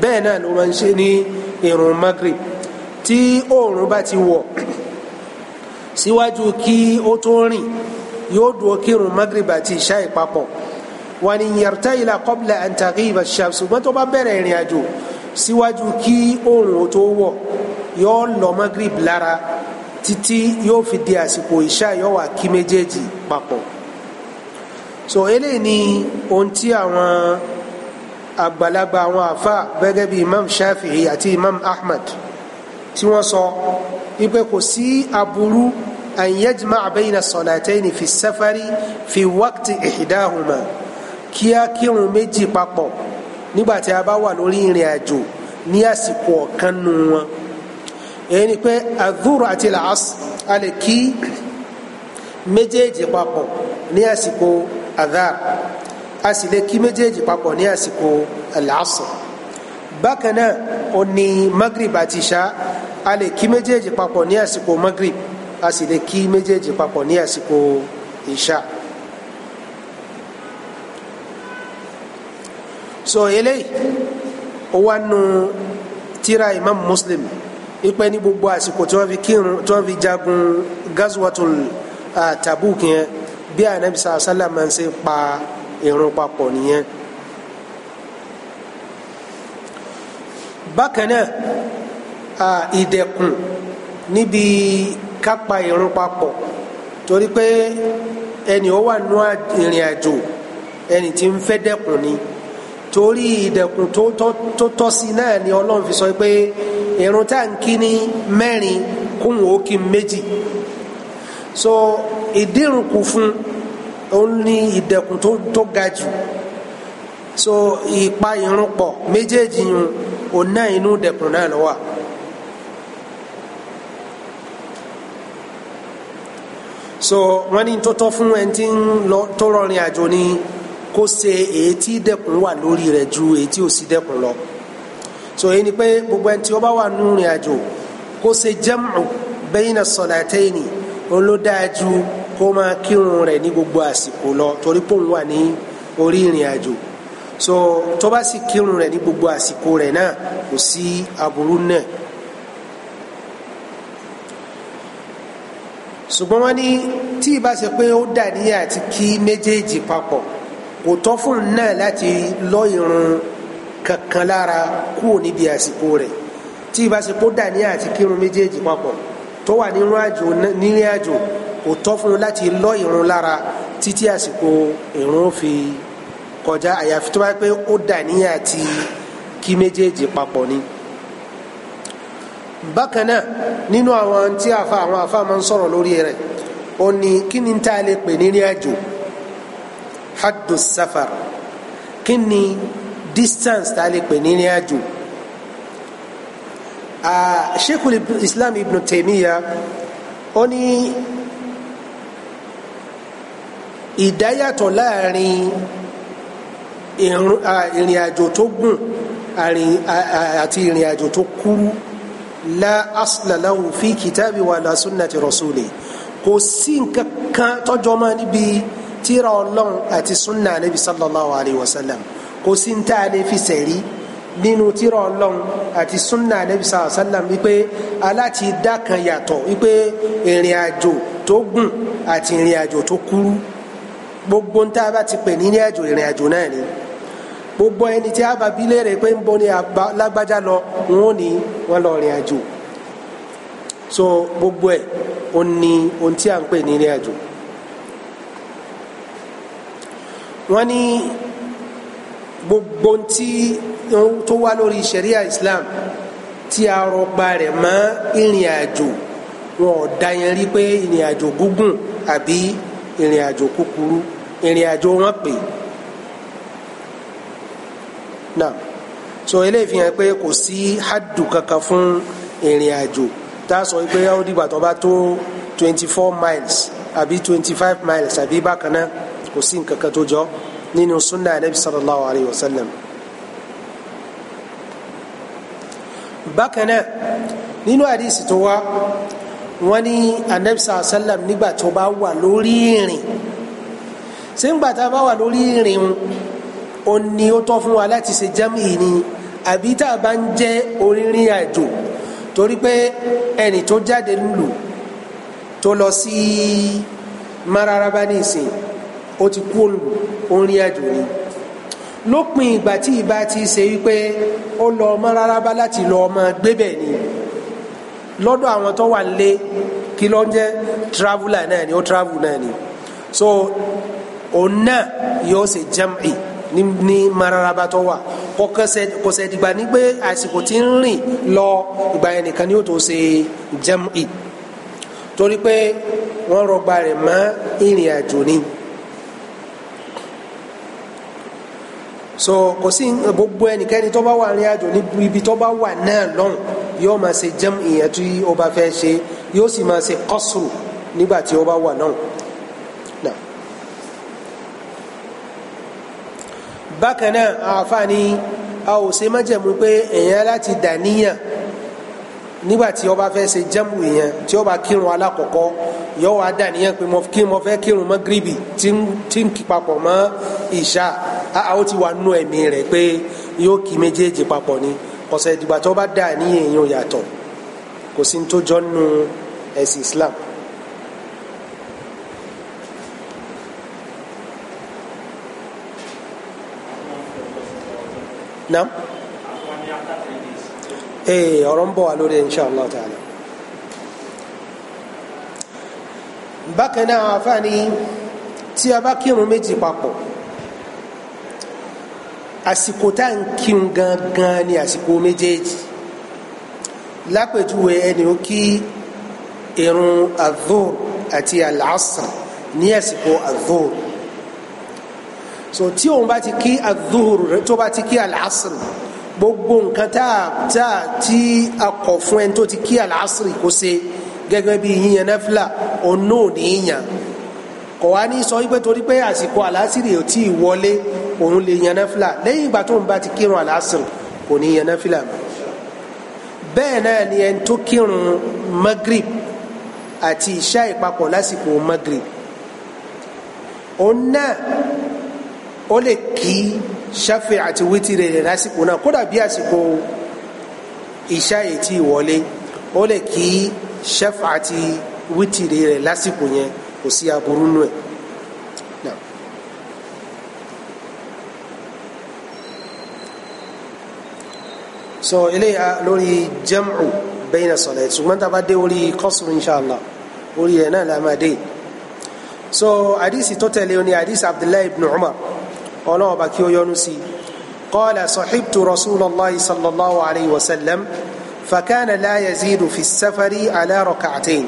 bẹ́ẹ̀ náà ló máa ń ṣe ní irun magrib tí oòrùn bá ti wọ̀ síwájú kí ó tó rìn yóò dúró kírun magrib àti ìṣá ìpapọ̀ wà ní yàrá ìlà kọ́bílà àǹtàkì ìbàṣà ṣùgbọ́n tó bá bẹ̀rẹ̀ ìrìn àjò síwájú kí oòrùn ó tó wọ̀ yóò lọ magrib lára títí yóò fi di àsìkò ìṣá yóò kí méjèèjì papọ̀ so eléyìí ni ohun tí àwọn àgbàlagbà àwọn àfa gẹ́gẹ́ bí imam shafi'i àti imam ahmad tí wọ́n sọ wípé kò sí aburú an yajma' bayna salatayn fi safari fi waqti ihdahuma kí á kírun méjì papọ̀ nígbà tí a bá wà lórí ìrìn àjò ní àsìkò ọ̀kan nu wọn èyí ni pé azúrò àti làás a lè kí méjèèjì papọ̀ ní àsìkò azar a sì lè kí méjèèjì papọ̀ ní àsìkò làásùn bákan náà ó ní magrib àti ṣá a lè kí méjèèjì papọ̀ ní àsìkò magrib a sì lè kí méjèèjì papọ̀ ní àsìkò ìṣá. so eléyìí ó wá nu tírà imam muslim ipe ni gbogbo àsìkò tí wọ́n fi kírun tí wọ́n fi jagun gazwatul Tabuk yẹn bí anabi sàlá sàlá máa ń ṣe pa irun papọ̀ nìyẹn. bákan náà ìdẹ̀kùn níbi kápá irun papọ̀ torí pé ẹni ó wà nú ìrìn àjò ẹni tí ń fẹ́ dẹ̀kùn ni torí ìdẹ̀kùn tó tọ́ sí náà ni ọlọ́run fi sọ pé irun tá à ń kí ní mẹ́rin kún ó kí méjì so ìdírùnkù fún òun ní ìdẹ̀kùn tó ga jù so ìpa irun pọ̀ méjèèjì yun òun náà inú ìdẹ̀kùn náà ló so wọ́n ní tọ́tọ́ fún ẹni tí ń lọ tó rọrin àjò ni kó ṣe èyí tí dẹ̀kùn wà lórí rẹ̀ ju èyí tí ò sí dẹ̀kùn lọ. So, so èyí ni pé gbogbo ẹni tí ó bá wà nínú ìrìn àjò kó ṣe jam'u bayna salataini olódájú kó máa kírun rẹ̀ ní gbogbo àsìkò lọ torí pé wà ní orí ìrìn àjò so tó bá sì kírun rẹ̀ ní gbogbo àsìkò rẹ̀ náà kò sí aburú náà. ṣùgbọ́n wọ́n ní tí ìbá ṣe pé ó dà níyà àti kí méjèèjì papọ̀ kò tọ́ fún un náà láti lọ ìrun kankan lára kúrò níbi àsìkò rẹ̀ tí ìbá ṣe kó dà ní àti kírun méjèèjì papọ̀ tó wà nínú àjò nílé àjò kò tọ́ fún un láti lọ ìrun lára títí àsìkò ìrun fi kọjá àyàfi tó bá pé ó dà ní àti kí méjèèjì papọ̀ ni bákan náà nínú àwọn tí àfa àwọn àfa máa ń sọ̀rọ̀ lórí rẹ̀ ó ní kí ni tá a lè pè ní ìrìn àjò haddu safar kí ni distance tá a lè pè ní ní àjò Sheikhul Islam Ibn Taymiyyah ó ní ìdáyàtọ̀ láàrin ìrìn àjò tó gùn àti ìrìn àjò tó kúrú la asla lahu fi kitabi wa la sunnati rasuli kò sí nǹkan kan tọ́jọ́ máa níbi tírà Ọlọ́run àti sunna nabi sallallahu alayhi wa kò sí ní tá a lè fi sẹ̀rí nínú tírà ọlọ́run àti sunna anabi sàlá sàlám wípé aláti dá kan yàtọ̀ wípé ìrìn àjò tó gùn àti ìrìn àjò tó kúrú gbogbo ń tá a bá ti pè ní ní àjò ìrìn àjò náà ni gbogbo ẹni tí a bá bí léèrè pé ń bọ̀ ní lágbájá lọ wọn ò ní wọn lọ rìn àjò so gbogbo ẹ o ní ohun tí a ń pè ní ìrìn àjò wọn ní gbogbo tí tó wá lórí ṣẹ̀ríà islam tí a rọpa rẹ̀ mọ́ ìrìn àjò wọn ò dá yẹn rí pé ìrìn àjò gúngùn àbí ìrìn àjò kúkúrú ìrìn àjò wọn pè náà so eléyìí fi hàn pé kò sí haddu kankan fún ìrìn àjò tá a sọ pé ó dìgbà tó bá tó twenty four miles àbí twenty five miles àbí bákan náà kò sí nǹkan tó jọ nínú sunna anabi sallallahu alayhi wa sallam. bákan náà nínú àdìsí tó wá wọ́n ní anabi sallallahu alayhi wa sallam nígbà tó bá wà lórí ìrìn ṣé ń gbà tá a bá wà lórí ìrìn o ní ó tọ́ fún wa láti ṣe jẹ́mìí ni àbí tá a bá ń jẹ́ orírin àjò torí pé ẹnì tó jáde lùlù tó lọ sí mararaba ní ìsìn ó ti kú orin àjò ni lópin ìgbà tí ìbá ti ṣe wípé ó lọ ọmọ rárábá láti lọ ọmọ gbébẹ̀ ni lọ́dọ̀ àwọn tó wà lé kí ló ń jẹ́ traveller náà ni ó travel náà ni so òun náà yóò ṣe jam'i ní ní mararaba tó wà kò sẹ̀ dìgbà ní pé àsìkò tí ń rìn lọ ìgbà yẹn nìkan ni ó tó ṣe jam'i torí pé wọ́n rọgba rẹ̀ mọ́ ìrìn àjò ni. so kò sí gbogbo ẹnikẹ́ni tó bá wà ní àjò níbi tó bá wà náà lọ́hùn yóò máa ṣe jẹ́m ìyẹn tí ó bá fẹ́ ṣe yóò sì máa ṣe kọ́sùrù nígbà tí ó bá wà náà. bákan náà àǹfààní a ò ṣe májẹ̀mú pé èèyàn láti dàníyàn nígbà tí ó bá fẹ́ ṣe jẹ́mù yẹn tí ó bá kírun alákọ̀ọ́kọ́ yóò wá dà níyẹn pé kí mo fẹ́ kírun magribi tí ń kí papọ̀ mọ́ ìṣá ó ti wà nú ẹ̀mí rẹ̀ pé yóò kí méjèèjì papọ̀ ni ọ̀sẹ̀ ìdìgbà tó bá dà níyẹn yóò yàtọ̀ kò sí ní tó jọ nù ẹ̀sìn Islam. Naam. No? ee eh, ọ̀rọ̀ ń bọ̀ wá lórí insha allah ta'ala. bákan náà àfààní tí a bá kírun méjì papọ̀ àsìkò tá à ń kírun gangan ni àsìkò méjèèjì lápèjúwe ẹni ó kí irun adhur àti al ní àsìkò adhur so tí òun bá ti kí adhur tó bá ti kí al gbogbo nǹkan tá tá tí a kọ̀ fún ẹni tó ti kí àlàásìrì kó ṣe gẹ́gẹ́ bí yíyan nẹ́fìlà ọ̀nà ò ní yàn kò wá ní sọ wípé torí pé àsìkò àlàásìrì ò tí ì wọlé òun lè yan nẹ́fìlà lẹ́yìn ìgbà tó ń bá ti kírun àlàásìrì kò ní yan nẹ́fìlà mọ́ bẹ́ẹ̀ náà ni ẹni tó kírun magrib àti ìṣá ìpapọ̀ lásìkò magrib òun ó lè kí ṣáfẹ̀ àti wítìrì rẹ̀ lásìkò náà kódà bí àsìkò ìṣá yìí ti wọlé ó lè kí ṣáfẹ̀ àti wítìrì rẹ̀ lásìkò yẹn kò sí aburú nù ẹ̀. so eléyà lórí jam'u bayna salat ṣùgbọ́n tá a bá dé orí qasr inshallah orí ẹ̀ náà la máa dé so àdìsí tó tẹ̀lé o ní àdìsí abdullahi ibn umar ọlọ́wọ́ bá kí ó yọ́nú sí qala sahibtu rasulallahi sallallahu alayhi wa sallam fakana la yazidu fi safari ala rak'atayn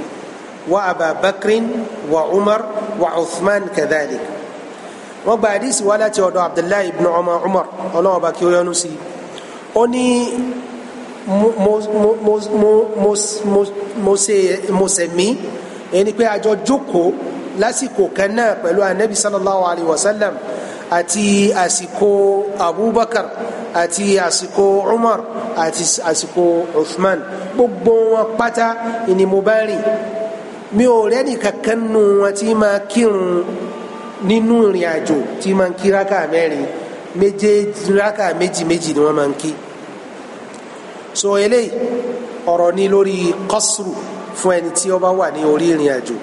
wa aba bakrin wa umar wa uthman kadhalik wọ́n gba àdìsí wa láti ọ̀dọ̀ abdullahi ibn umar umar ọlọ́wọ́ bá kí ó yọ́nú sí ó ní mo ẹni pé àjọ jókòó lásìkò kan náà pẹ̀lú anabi sallallahu alayhi wa sallam àti àsìkò abubakar àti àsìkò umar àti àsìkò uthman gbogbo wọn pátá ni mo bá rìn mi ò rẹ́ni kankan nù wọn tí máa kírun nínú ìrìn àjò tí máa ń kí rákà mẹ́rin méjèèjì rákà méjì méjì ni wọ́n máa ń kí so eléyìí ọ̀rọ̀ ni lórí kọ́sùrù fún ẹni tí ó bá wà ní orí ìrìn àjò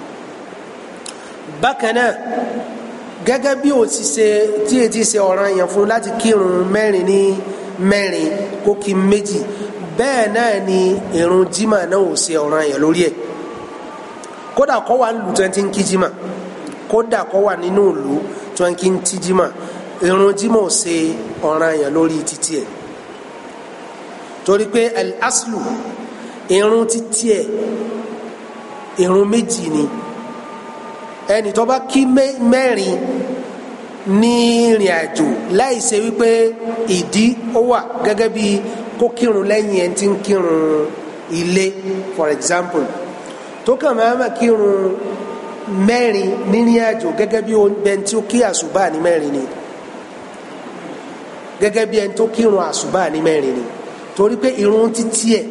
bákan náà gẹ́gẹ́ bí o ti ṣe tí e ti ṣe ọ̀ràn yẹn fún láti kírun mẹ́rin ní mẹ́rin kó kí méjì bẹ́ẹ̀ náà ni irun jimá náà ò ṣe ọ̀ràn yẹn lórí ẹ̀ kódà kó wà lù tó ń ti kí jimá kódà kó wà nínú ìlú tó ń kí ń ti jimá irun jimá ò ṣe ọ̀ràn yẹn lórí títí ẹ̀ torí pé aslu irun títí ẹ̀ irun méjì ni ẹni tó bá kí mẹ́rin ní ìrìn àjò láì ṣe wípé ìdí ó wà gẹ́gẹ́ bí kó kírun lẹ́yìn ẹni tí ń kírun ilé for example tó kàn máa ma kírun mẹ́rin nírìn àjò gẹ́gẹ́ bí ẹni tí ó kí àṣùbà ní mẹ́rin ni gẹ́gẹ́ bí ẹni tó kírun àṣùbà ní mẹ́rin ni torí pé irun títí ẹ̀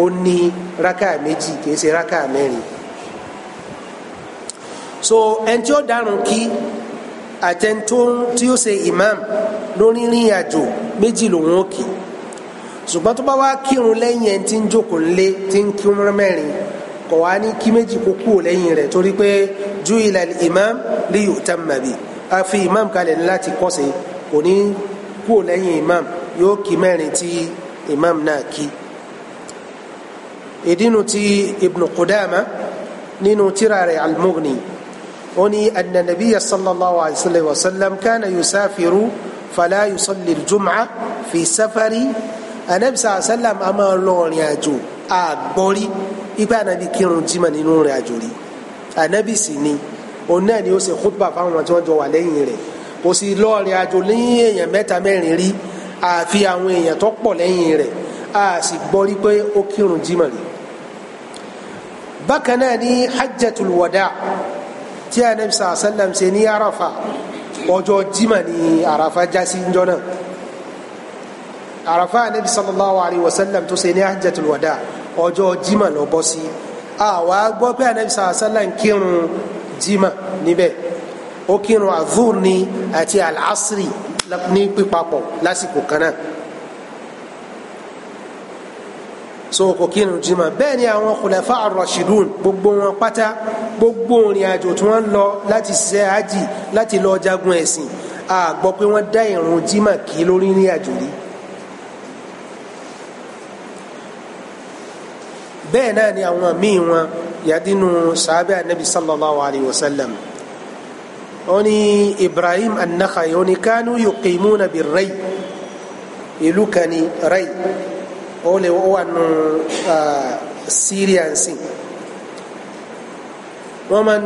ó ní rákà méjì kìí ṣe rákà mẹ́rin so ẹni tí ó dárun kí àtẹnitó tí ó ṣe imam lórí rìn àjò méjì lòun ó kì ṣùgbọ́n tó bá wá kírun lẹ́yìn ẹni tí ń jókòó ńlé tí ń kírun mẹ́rin kò wá ní kí méjì kó kúrò lẹ́yìn rẹ̀ torí pé ju ilà imam lè yóò tẹ́ a fi imam kalẹ̀ ní láti kọ́sẹ̀ kò ní kúrò lẹ́yìn imam yóò kí mẹ́rin tí imam náà kí ìdínú ti Ibn Qudama nínú tírà rẹ̀ al أني أن النبي صلى الله عليه وسلم كان يسافر فلا يصلي الجمعة في سفر النبي صلى الله عليه وسلم أما لون ياجو أبوري إبا نبي كيرون جيما نينون ياجوري النبي سيني ọ̀nà ni ó ṣe khutba fáwọn tí wọ́n jọ wà lẹ́yìn rẹ̀ kò sí lọ́ọ̀rìn àjò lẹ́yìn èèyàn mẹ́ta mẹ́rin rí àfi àwọn èèyàn tó pọ̀ lẹ́yìn rẹ̀ a sì gbọ́ pé ó kírun jímọ̀ bákan náà ní hajjatul wada tí anabi sàlá sàlám ṣe ní arafa ọjọ́ jimá ní arafa jásí njọ́ náà arafa anabi sallallahu alayhi wa sallam tó ṣe ní hajjatul wada ọjọ́ jimá lọ bọ́ sí àwa gbọ́ pé anabi sàlá sàlám kírun jimá níbẹ̀ ó kírun azur ni àti alasiri ní pípapọ̀ lásìkò kan náà. so kò kírun jimá bẹ́ẹ̀ ni àwọn khulafa ar-rashidun gbogbo wọn pátá gbogbo ìrìn àjò tí wọ́n lọ láti ṣe àjì láti lọ jagun ẹ̀sìn a gbọ́ pé wọ́n dá ìrun jimá kí lórí ìrìn àjò rí. bẹ́ẹ̀ náà ni àwọn míì wọn yàdínú sàábẹ́ anabi sallallahu alayhi wa sallam oni Ibrahim an-Nakhai oni kánú yuqimuna bir-Ray ìlú kan ní Ray ó lè wà nù Syria nsìn wọ́n máa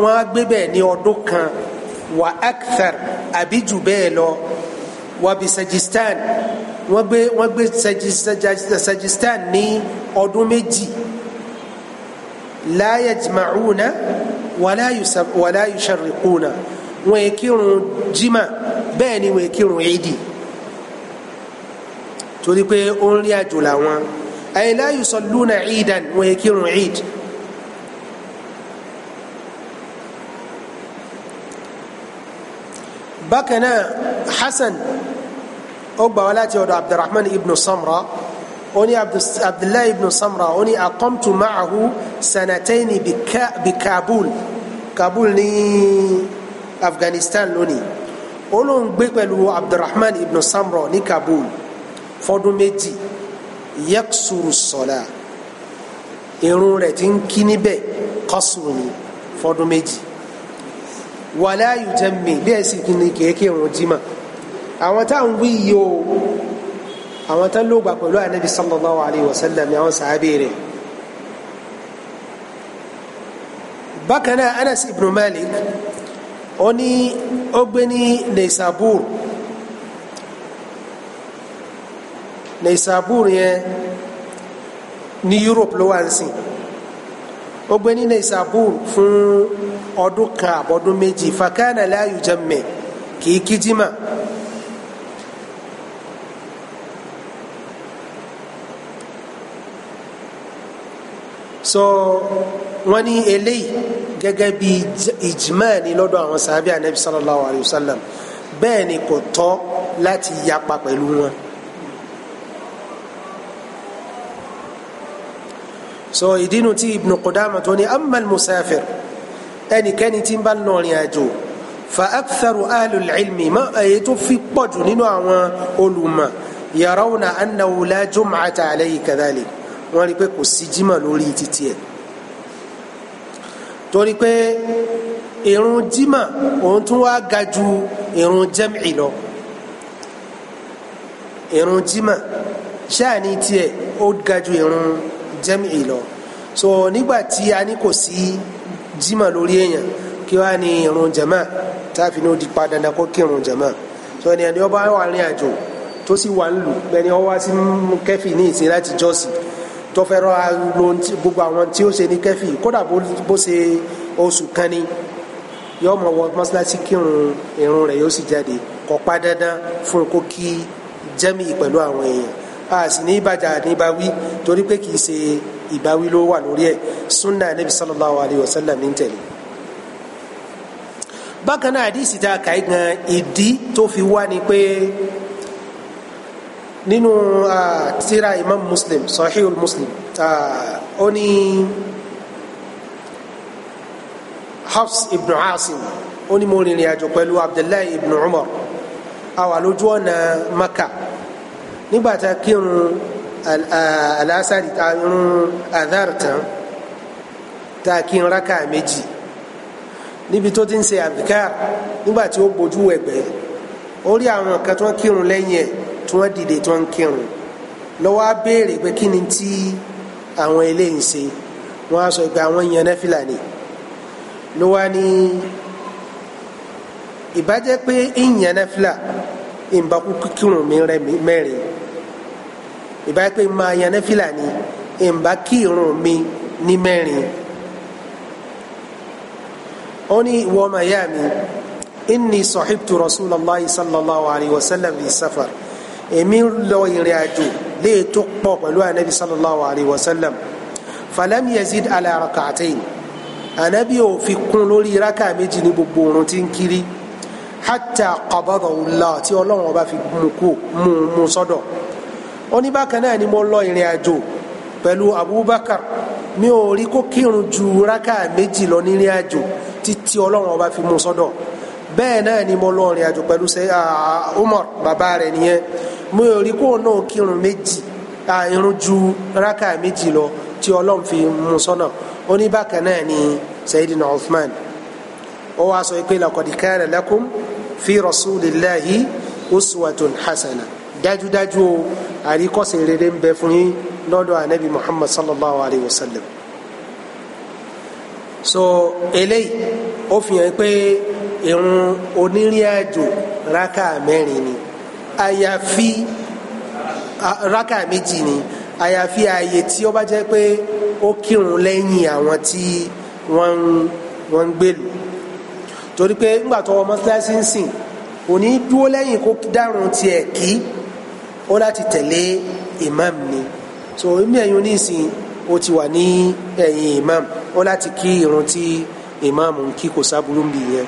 wọ́n á gbé bẹ́ẹ̀ ní ọdún kan wà akthar àbí jù bẹ́ẹ̀ lọ wà bí sajistan wọ́n gbé wọ́n gbé sajistan ní ọdún méjì la yajma'una wala yusharriquna wọ́n èkírun jimá bẹ́ẹ̀ ni wọ́n èkírun éèdì torí pé ó ń rí àjò làwọn ay la yusalluna idan wọn yẹ kírun eid. bákan náà hasan ó gbà wá láti ọ̀dọ̀ abdulrahman ibn samra ó ní abdullahi ibn samra ó ní aqamtu ma'ahu sanataini bi kabul kabul ní afghanistan lónìí ó lóun abdulrahman ibn samra ní kabul fọdún méjì yẹksuru sọlá irun rẹ̀ ti ń kí níbẹ̀ kọsùrù ni fọdún méjì wàlá yùtẹmí bẹ́ẹ̀ sì kí ni kéèké irun jimá àwọn táwọn wí yìí o àwọn tán ló gbà pẹ̀lú ànábi sallallahu alayhi wa sallam àwọn sàábì rẹ̀ bákan náà anas ibn malik ó ní ó gbé ní nisabur Naisabur yẹn ní Europe ló wà ń sìn ó gbé ní Naisabur fún ọdún kan àbọ̀dún méjì fakana la yujammi kì í so wọn ní eléyìí gẹ́gẹ́ bí ìjìmá ni lọ́dọ̀ àwọn sàbí anabi sallallahu alayhi wa sallam bẹ́ẹ̀ ni kò tọ́ láti yapa pẹ̀lú wọn. so ìdínú tí Ibn Qudama tó ní amma al-musafir ẹnikẹ́ni tí ń bá lọ rìn àjò fa aktharu ahlul ilmi ma èyí tó fi pọ̀jù nínú àwọn olùmọ̀ yarawna annahu la jum'ata alayhi kadhalik wọ́n rí pé kò sí jimá lórí títí ẹ̀ torí pé ìrun jimá òun tún wá ga ju ìrun jẹ́mì lọ ìrun jimá ṣáà ní tiẹ̀ ó jẹ́mìí lọ so nígbà tí a ní kò sí jimá lórí èèyàn kí wàá ní irun jama táàfin ní ó padà dandan kó kírun jama so ẹni ẹni ọba wà ní àjò tó sì wà ń lù bẹni ọwọ́ sí kẹfì ní ìsìn láti jọ́sìn tó fẹ́ rọ́ gbogbo àwọn tí ó ṣe ní kẹfì kódà bó ṣe oṣù kan ni yóò mọ wọ mọ́ṣáláṣí kírun irun rẹ̀ yóò sì jáde kó pa dandan fún kó kí jẹ́mìí pẹ̀lú àwọn èèyàn a sì ní ìbàjá ní ìbáwí torí pé kì í ṣe ìbáwí ló wà lórí ẹ̀ sunna nabi sallallahu alayhi wa sallam ní tẹ̀lé bákan náà àdìsí tá a kà í gan ìdí tó fi wá ni pé nínú tírà imam muslim sahihul muslim ó ní hafs ibn asim ó ní mo rìnrìn àjò pẹ̀lú abdullahi ibn umar àwa lójú ọ̀nà maka nígbàtà kírun alásàrì ta irun adhar tán tá a kí n rákà méjì níbi tó ti ń ṣe abdikar nígbà ó bójú ẹgbẹ́ ó rí àwọn kan tó ń kírun lẹ́yìn ẹ̀ tí wọ́n dìde tó ń kírun lọ́wọ́ á béèrè pé kí ni tí àwọn eléyìí ń ṣe wọ́n á sọ pé àwọn yẹn nẹ́fìlà ni ló wá ní ìbá jẹ́ pé ìyẹn nẹ́fìlà ìbákú kírun mi rẹ̀ mẹ́rin ìbá pé máa yan nẹ́fìlà ni ìbá kí irun mi ní mẹ́rin ó ní ìwọ ọmọ ìyá mi inni sọ̀hìbtu rasulallah sallallahu alayhi wa sallam fi safar èmi lọ ìrìn àjò léè tó pọ̀ pẹ̀lú anabi sallallahu alayhi wa sallam falam yazid ala rak'atayn anabi ò fi kún lórí raka méjì ní gbogbo oorun tí ń kiri hatta qabadahu Allah tí ọlọ́run ọba fi mú kú mú sọ́dọ̀ ó ní bákan náà ni mo lọ ìrìn àjò pẹ̀lú Abubakar mi ò rí kó kírun ju rákà méjì lọ nírìn àjò títí Ọlọ́run ọba fi mú sọ́dọ̀ bẹ́ẹ̀ náà ni mo lọ ìrìn àjò pẹ̀lú Umar bàbá rẹ̀ nìyẹn mi ò rí kó náà kírun méjì irun ju rákà méjì lọ tí Ọlọ́run fi mú sọ́nà ó ní bákan náà ni Sayyidina Uthman ó wá sọ pé laqad kana lakum fi rasulillahi uswatun hasana dájúdájú o àríkọ́sẹ̀ rere ń bẹ fún yín lọ́dọ̀ anabi muhammad sallallahu alayhi wa sallam so eléyìí ó fi hàn pé ìrun onírìn àjò rákà mẹ́rin ni àyàfi rákà méjì ni àyàfi ààyè tí ó bá jẹ́ pé ó kírun lẹ́yìn àwọn tí wọ́n ń gbèlú torí pé ńgbà tó wọ mọ́sálásí ń sìn òní dúró lẹ́yìn kó dárun tiẹ̀ kí ó láti tẹ̀lé imam ni so ibi ẹ̀yìn onísìn ó ti wà ní ẹ̀yìn imam ó láti kí irun tí imam ń kí kò sábúrú ń bì yẹn.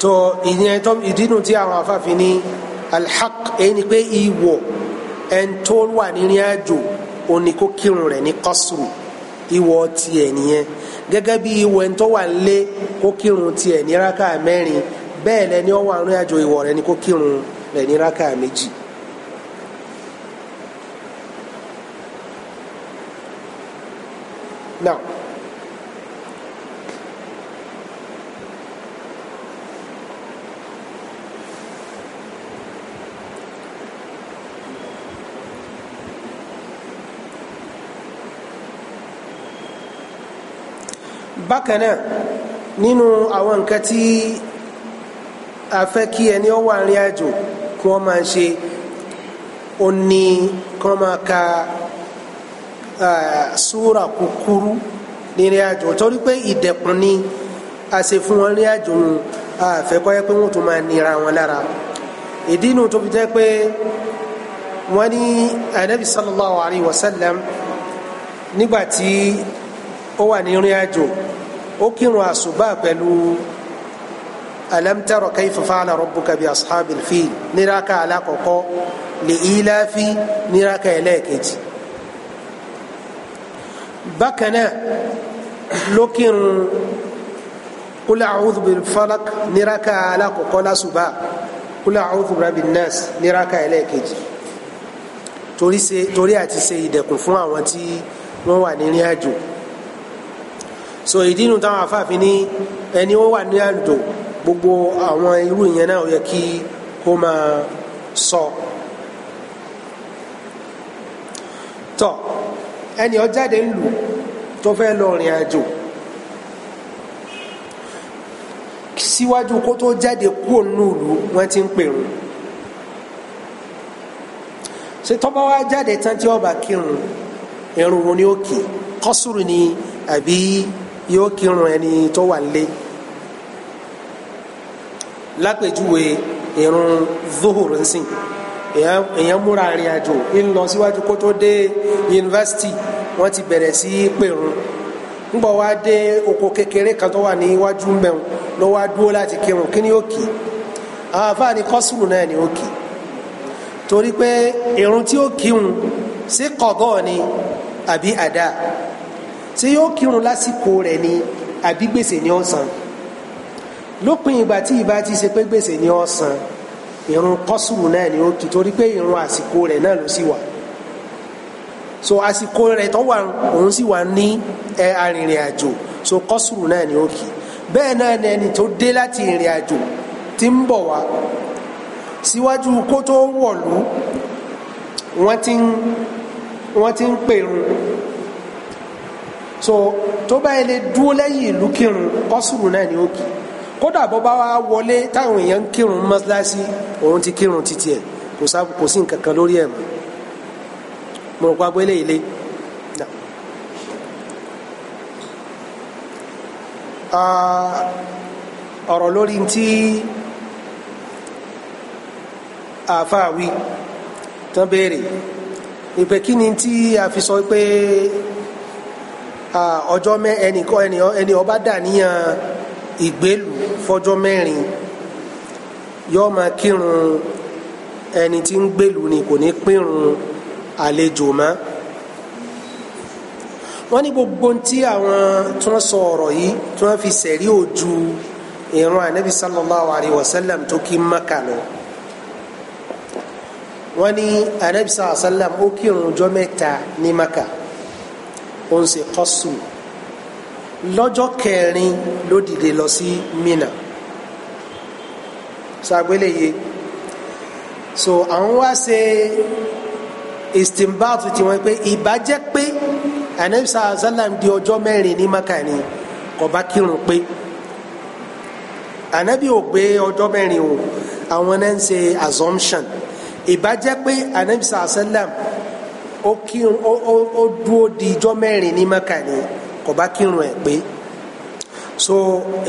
tó ìyẹn tó ìdínú tí àwọn afáfin ní alhaq èyí ni pé ìwọ ẹn tó wà nírìn àjò òní kó kírun rẹ̀ ní kọ́sùrù ìwọ tiẹ̀ nìyẹn gẹ́gẹ́ bí ìwẹ̀ tó wà lé kó kírun tiẹ̀ ní rákà mẹ́rin bẹ́ẹ̀ lẹni ó wà àjò ìwọ̀ rẹ̀ ni kó kírun rẹ̀ ní rákà méjì. now bákan náà nínú àwọn nǹkan tí a fẹ́ kí ẹni ó wà rìn àjò kí wọ́n máa ṣe ó ní kí wọ́n máa ka súra kúkúrú ní àjò torí pé ìdẹ̀kùn ni a ṣe fún wọn rìn àjò wọn a fẹ́ pé wọ́n tún máa nira wọn lára ìdí inú tó fi jẹ́ pé wọ́n ní anabi sallallahu alayhi wa sallam nígbà tí ó wà ní ìrìn àjò ó kírun àsùbá pẹ̀lú alam tara kayfa fa'ala rabbuka bi ashabil fil níraka alákọ̀ọ́kọ́ li ilafi níraka ẹlẹ́ẹ̀kejì bákan náà ló kírun kul a'udhu bil falak níraka alákọ̀ọ́kọ́ lásùbá kul a'udhu birabbin nas níraka ẹlẹ́ẹ̀kejì torí àti ṣe ìdẹ̀kùn fún àwọn tí wọ́n wà nírìn àjò so ìdínú táwọn afáàfin ní ẹni ó wà ní àlùdò gbogbo àwọn irú ìyẹn náà ó yẹ kí ó máa sọ tọ ẹni ó jáde ń lù tó fẹ́ lọ rìn àjò síwájú kó tó jáde kúrò nílùú wọn ti ń pèrún ṣe tọ́ba wá jáde tán tí ó kírun irun wo ni ó kì kọ́sùrù ni àbí. yóò kírun ẹni tó wà lé lápèjúwe irun zuhur nsìn èèyàn múra arìn àjò ń lọ síwájú kó tó dé yunifásitì ti bẹ̀rẹ̀ sí í pèrun ńgbọ́ dé oko kékeré kan tó wà ní iwájú ló wá dúró láti kírun kí ni ó kì í àwọn náà ni ó kì í torí pé ìrun tí ó kírun sí kọ̀gọ́ ni àbí àdá ṣé yóò kírun lásìkò rẹ̀ ni àbí gbèsè ni ó san lópin ìgbà tí ìbá ti ṣe pé gbèsè ni ó san ìrun kọ́sùrù náà ni ó kì torí pé ìrun àsìkò rẹ̀ náà ló sì wà so àsìkò rẹ̀ tó wà òun sì wà ní arìnrìn àjò so kọ́sùrù náà ni ó kì bẹ́ẹ̀ náà ni ẹni tó dé láti ìrìn àjò ti ń bọ̀ wá síwájú kó tó wọ̀lú wọ́n ti ń pèrun so tó bá yẹn lè dúró lẹ́yìn ìlú kírun kọ́sùrù náà ni ó kì kódà bó bá wá wọlé táwọn èèyàn ń kírun mọ́sálásí òun ti kírun títí ẹ̀ kò sí nǹkan kan lórí ẹ̀ mọ́ mo rò pa gbélé ilé. ọ̀rọ̀ lórí tí àfáà tán béèrè ìpè kí ni tí a pé ọjọ́ mẹ ẹnìkan ẹni ọba dàníyàn ìgbélù fọjọ́ mẹ́rin yóò máa kírun ẹni tí ń gbèlú ni kò ní pírun àlejò mọ́ wọ́n ní gbogbo tí àwọn tí wọ́n sọ ọ̀rọ̀ yìí tí wọ́n fi sẹ̀rí ojú ìran ànábì sallallahu alayhi wa sallam tó kí Mákà lọ wọ́n ní ànábì sallallahu alayhi wa sallam ó kírun ọjọ́ mẹ́ta ní Mákà ó ń ṣe kọ́sù lọ́jọ́ kẹrin ló dìde lọ sí Mina sàgbéleye so àwọn wá ṣe istinbaatu ti wọn pé ìbàjẹ́ pé anabi sàlá sàlám di ọjọ́ mẹ́rin ní maka ni kò bá kírun pé anabi ò gbé ọjọ́ mẹ́rin o àwọn náà ń ṣe assumption ìbàjẹ́ pé anabi sàlá sàlám ó kírun ó ó ó dúró di ijọ́ mẹ́rin ní mẹ́ka ni kò bá kírun ẹ̀ pé so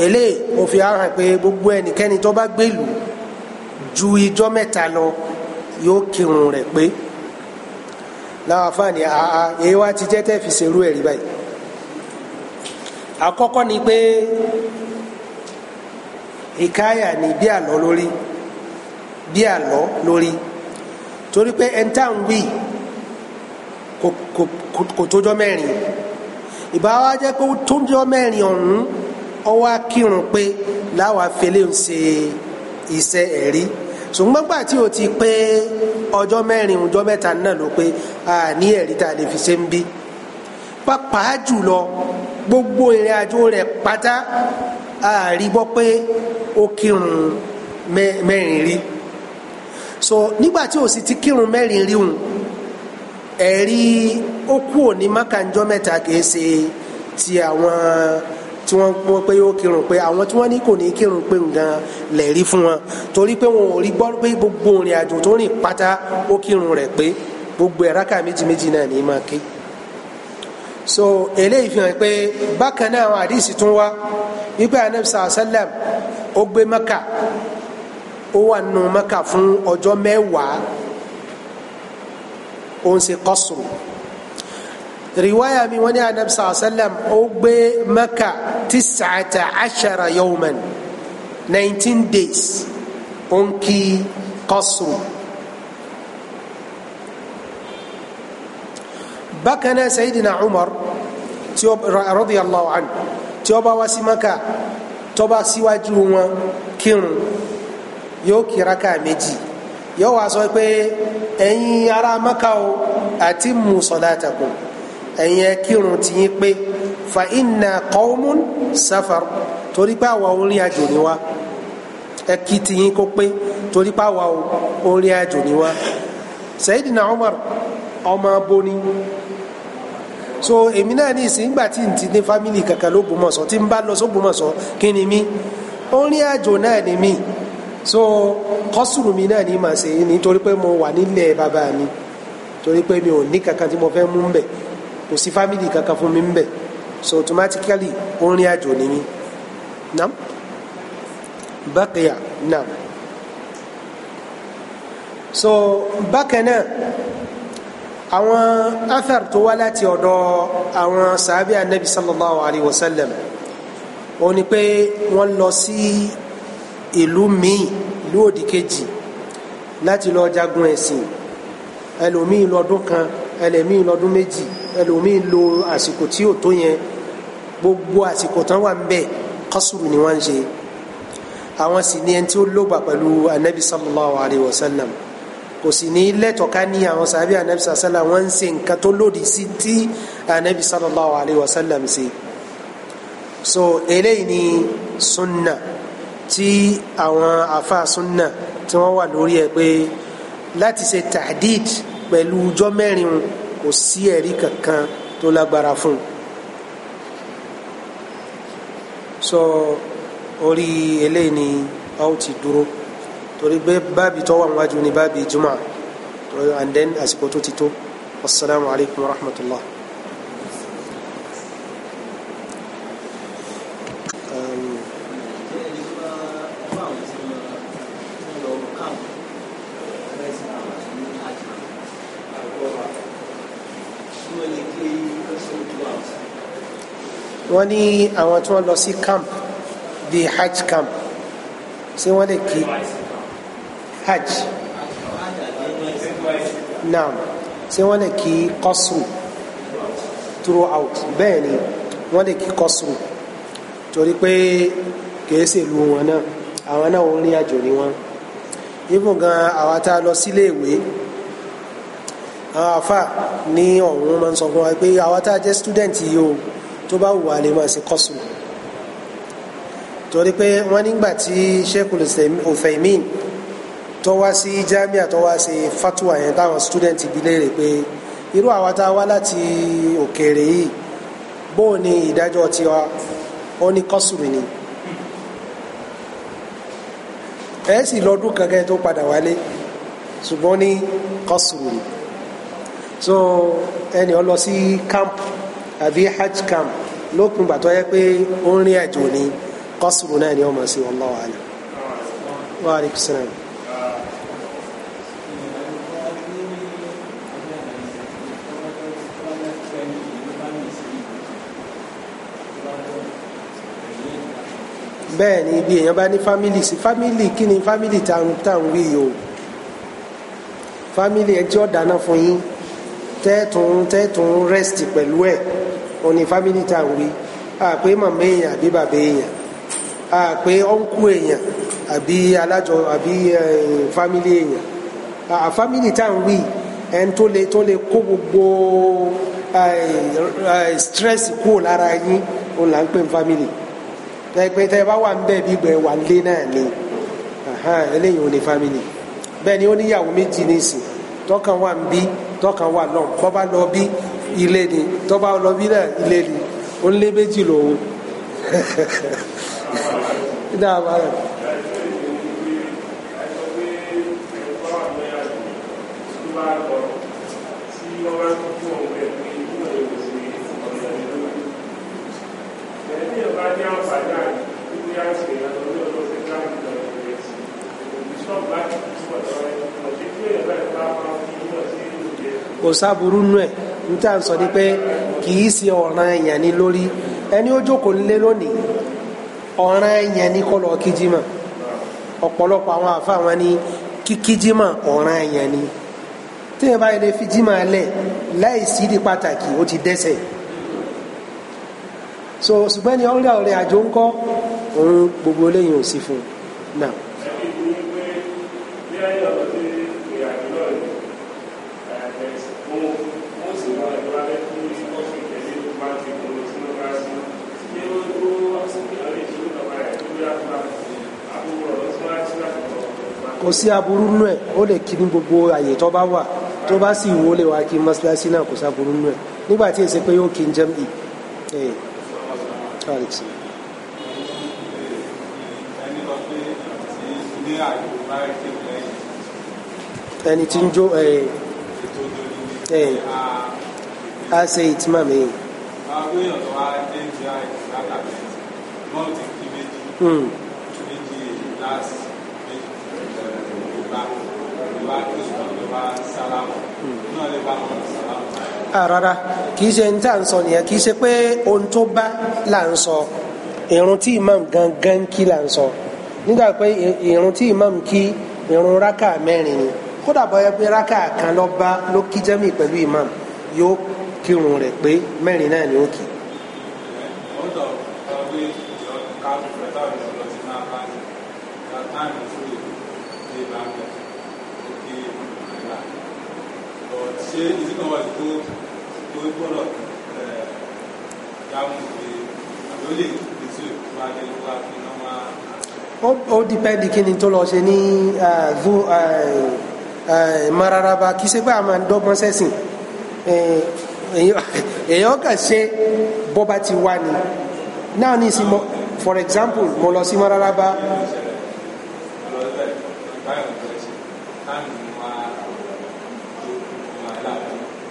eléyìí ó fi hàn pé gbogbo ẹnikẹ́ni tó bá gbèlú ju ijọ́ mẹ́ta lọ yóò kírun rẹ̀ pé láwọn afáàní àá èyí wá ti jẹ́ tẹ́ fi ṣerú ẹ̀rí báyìí àkọ́kọ́ ni pé ìkáyà ni bí àlọ́ lórí bí àlọ́ lórí torí pé ẹ̀ńtà ń wí kò tójọ́ mẹ́rin ìbáwá jẹ́ pé ó tójọ́ mẹ́rin ọ̀hún ọwọ́ akírun pé láwa fele ń ṣe iṣẹ́ ẹ̀rí ṣùgbọ́n gbà tí o ti pé ọjọ́ mẹ́rin ọjọ́ mẹ́ta náà ló pé a ní ẹ̀rí tá a lè fi ṣe ń bí pàápàá jùlọ gbogbo ìrìn àjò rẹ̀ pátá a rí bọ́ pé ó kírun mẹ́rin rí so nígbà tí o sì ti kírun mẹ́rin rí òun ẹ̀rí ó kú òní mákànjọ́ mẹ́ta kìí ṣe ti àwọn tí wọ́n mọ̀ pé yóò kírun pé àwọn tí wọ́n ní kò ní kírun pé nǹkan lẹ̀rí fún wọn torí pé wọn ò rí gbọ́ pé gbogbo òrìn àjò tó rìn pátá ó kírun rẹ̀ pé gbogbo ẹ̀ráka méjì méjì náà ní máa ké so eléyìí fi hàn pé bákan náà àwọn àdìsí tún wá wípé anabisa asalam ó gbé maka ó wà nù maka fún ọjọ́ mẹ́wàá òun ṣe kọ́sùrù riwaya mi wọ́n ní anabi sàlá sàlám ó gbé maka tis'ata ashara yawman nineteen days òun kí kọ́sùrù. bákan náà sayidina umar tí ó radiyallahu anhu tí ó bá wá sí maka tó bá síwájú wọn kírun yóò kí raka méjì yóò wá sọ pé ẹ̀yin ará maka o àti musolataku ẹ̀yin ẹ kírun tiyín pé fa inna qawmun safar torí pé àwa orin àjò ni wa ẹ kí tiyín kó pé torí pé àwa orin àjò ni wa Sayyidina Umar ọmọ aboni so èmi náà ní ìsìn gbà tí n ti ní fámìlì kankan lógbòmọ̀sọ tí n bá lọ sógbòmọ̀sọ kí ni mí orin àjò náà ni mí so kọ́sùrù mi náà ní màá ṣe nítorí pé mo wà nílẹ̀ bàbá mi torí pé mi ò ní kankan tí mo fẹ́ mú mbẹ̀ kò sí fámìlì kankan fún mi mbẹ̀ so automatically ó ń rìn àjò ní mi nam bákẹ́yà nam so bákan náà àwọn athar tó wá láti ọ̀dọ̀ àwọn sàábì anabi sallallahu alayhi wa sallam ó ní pé wọ́n lọ sí. Si, ìlú míì ìlú òdì kejì láti lọ jagun ẹ̀sìn ẹlòmíì lọ́dún kan ẹlòmíì lọ́dún méjì ẹlòmíì lo àsìkò tí ò tó yẹn gbogbo àsìkò tán wà ń bẹ kọ́sùrù ni wọ́n ń ṣe àwọn sì ni ẹni tí ó lógbà pẹ̀lú anabi sallallahu alayhi wa sallam kò sì ní lẹ́tọ̀ọ́ká ní àwọn sàbí anabi sallallahu wọ́n ń ṣe nǹkan tó lòdì sí tí anabi sallallahu alayhi wa sallam ṣe so eléyìí ni sunna tí àwọn àfa súnà tí wọ́n wà lórí ẹ̀ pé láti ṣe tahdid pẹ̀lú ọjọ́ mẹ́rin kò sí ẹ̀rí kankan tó lágbára fún un so orí eléyìí ni a ó ti dúró torí pé báàbí tó wà níwájú ni báàbí jùmọ̀ and then àsìkò tó ti tó wasalaamualeykum wa rahmatulah. wọ́n ní àwọn tí wọ́n lọ sí camp the hajj camp ṣé wọ́n lè kí hajj naam ṣé wọ́n lè kí kọ́sùn throughout bẹ́ẹ̀ ni wọ́n lè kí kọ́sùn torí pé kìí ṣèlú wọn náà àwọn náà ń rìn àjò ní wọn ibùn gan àwa tá a lọ sílé ìwé àwọn àfà ní ọ̀hún máa ń sọ fún wa pé àwa tá a jẹ́ student yìí o tó bá wù wá lè máa ṣe kọ́sùn torí pé wọ́n nígbà tí Sheikhul Uthaymin tó wá sí jamiu tó wá ṣe fatuwa yẹn táwọn student bi léèrè pé irú àwa tá a wá láti òkèèrè yìí bóò ni ìdájọ́ tiwa ó ní kọ́sùn ni ẹ sì lọ́dún kankan tó padà wálé ṣùgbọ́n ní kọ́sùn ni so ẹni ọ lọ sí kámpù àbí hajj camp lópin ìgbà tó yẹ pé ó ń rìn àjò ní kọ́sùrù náà ni wọ́n máa ṣe wallahu alam. wa alaikum salaam. bẹ́ẹ̀ ni ibi èèyàn bá ní fámìlì sí fámìlì kí ni fámìlì táwọn wí o fámìlì ẹ dáná fún yín tẹ́ẹ̀tún tẹ́ẹ̀tún rẹ́sìtì pẹ̀lú ẹ̀ òun ni family tá à ń wí àpé màmá èèyàn àbí bàbá èèyàn àpé ọ̀nkú èèyàn àbí alájọ àbí family èèyàn family tá à ń wí ẹni tó lè tó lè kó gbogbo stress kúrò lára yín òun là ń pè family tẹ́gbẹ́ tẹ́ bá wà ń bẹ̀ bí gbẹ̀ wà lé náà ni eléyìí ò ní family bẹ́ẹ̀ ni ó níyàwó méjì nísìn tọ́kàn wà ń bí tọ́kàn wà lọ́n bọ́ bá lọ bí ilé ni tọ́ba lọ bí náà ilé ni ó ń lé méjì lòun dáa bá rẹ̀. kò sáburú nù ẹ n tà ń sọ ni pé kì í ṣe ọ̀ràn èèyàn ni lórí ẹni ó jókòó nílé lónìí ọ̀ràn èèyàn ni kọ́ lọ kíjímà ọ̀pọ̀lọpọ̀ àwọn àfa wọn ni kíkíjímà ọ̀ràn èèyàn ni téèyàn bá yẹlẹ fi jímà lẹ̀ láì sí di pàtàkì ó ti dẹ́ṣẹ̀ so ṣùgbọ́n ni ọ̀rẹ́ ọ̀rẹ́ àjò ńkọ́ òun gbogbo eléyìí ò sí fún un náà. kò sí aburú nù ẹ̀ ó lè kí ní gbogbo àyè tó bá wà tó bá sì wò ó lè wá kí mọ́sálásí náà kò sí aburú nù ẹ̀ nígbà tí pé yóò kí n jẹ́m ì ẹni tí ń jó ẹ̀ ṣe ìtìmọ̀ mi. àwọn hmm. èèyàn àrárá ah, í ṣe ní tá à ń sọ nìyẹn kìí ṣe pé ohun tó bá là ń sọ tí imam gangan kí là ń sọ nígbà pé tí imam kí ìrun rákà mẹ́rin ni kódà bóyá pé rákà kan lọ bá ló kí pẹ̀lú imam yóò kírun rẹ̀ pé mẹ́rin náà ni ó kì but ṣé ìdíkan wà tó tó gbọ́dọ̀ dáhùn pé àbí ó lè pèsè ìwà ẹni wá kí wọ́n máa. ó dípẹ́ndì kí ni tó lọ ṣe ní mararaba kì í ṣe pé a máa dọ́gbọ́n sẹ́sìn èèyàn kàn ṣe bọ́ba ti wá ni náà ní ìsìn for example mo lọ sí mararaba.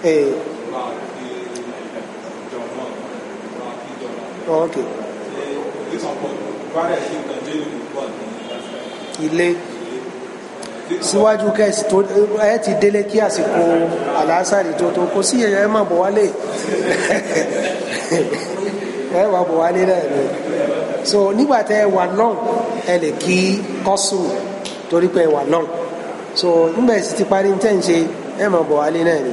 Eh. ok. ilé síwájú kẹ́sì tó ẹ ti délé kí àsìkò àlásàrì tó tó kó sí ẹ̀yẹ ẹ̀ máa bọ̀ wálé <laughs> ẹ̀ wà bọ̀ wálé náà ni so nígbà tẹ́ ẹ wà náà ẹ lè kí kọ́sù torí pé ẹ wà náà so nígbà tí ti parí ní tẹ́ ń ṣe bọ̀ wálé náà ni.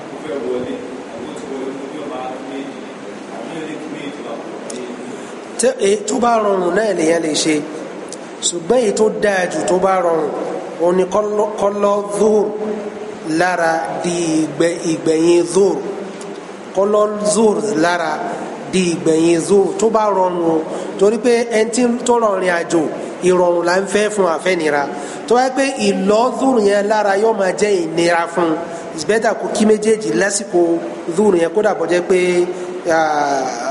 tó bá rọrùn náà lèyàn lè ṣe ṣùgbọ́n èyí tó dáa jù tó bá rọrùn òun ni kọ́lọ́ zuhur lára di ìgbẹ̀yìn zuhur kọ́lọ́ zuhur lára di ìgbẹ̀yìn zuhur tó bá rọrùn o torí pé ẹni tí tó rọrìn àjò ìrọ̀rùn là ń fẹ́ fún àfẹ́nira tó wáyé pé ìlọ́ zuhur yẹn lára yóò máa jẹ́ ìnira fún it's better kó kí méjèèjì lásìkò zuhur yẹn kódà bọ́ jẹ́ pé. Ah,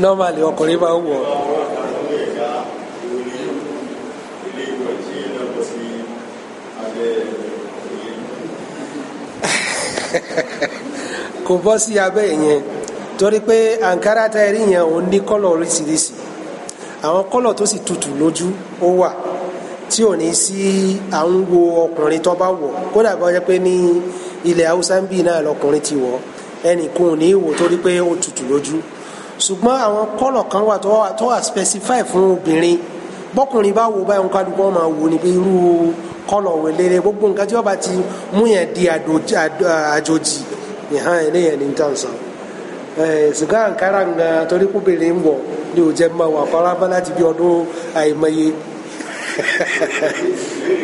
normally ọkùnrin máa ń wọ̀ <laughs> kò bọ́ sí abẹ́ yẹn torí pé ankara tá ẹ rí yẹn òun ní kọ́lọ̀ oríṣiríṣi àwọn kọ́lọ̀ tó sì tutù lójú ó wà tí ò ní sí à ń wo ọkùnrin tó bá wọ̀ kódà bá jẹ́ pé ní ilẹ̀ haúsá ń bì náà lọkùnrin ti wọ̀ ẹnì ò ní wò torí pé ó tutù lójú ṣùgbọ́n àwọn kọ́lọ̀ kan wà tó wà specify fún obìnrin bọ́kùnrin bá wo báyìí nǹkan àdúgbò máa wo níbi irú kọ́lọ̀ wẹ̀lẹ́rẹ́ gbogbo nǹkan tí wọ́n bá ti mú yẹn di àjòjì ìhàn eléyẹn ní tàn ṣùgbọ́n àǹkárá nga torí kóbìnrin ń wọ̀ ní òjẹ́ máa wà fọlábá láti bí ọdún àìmọye <laughs>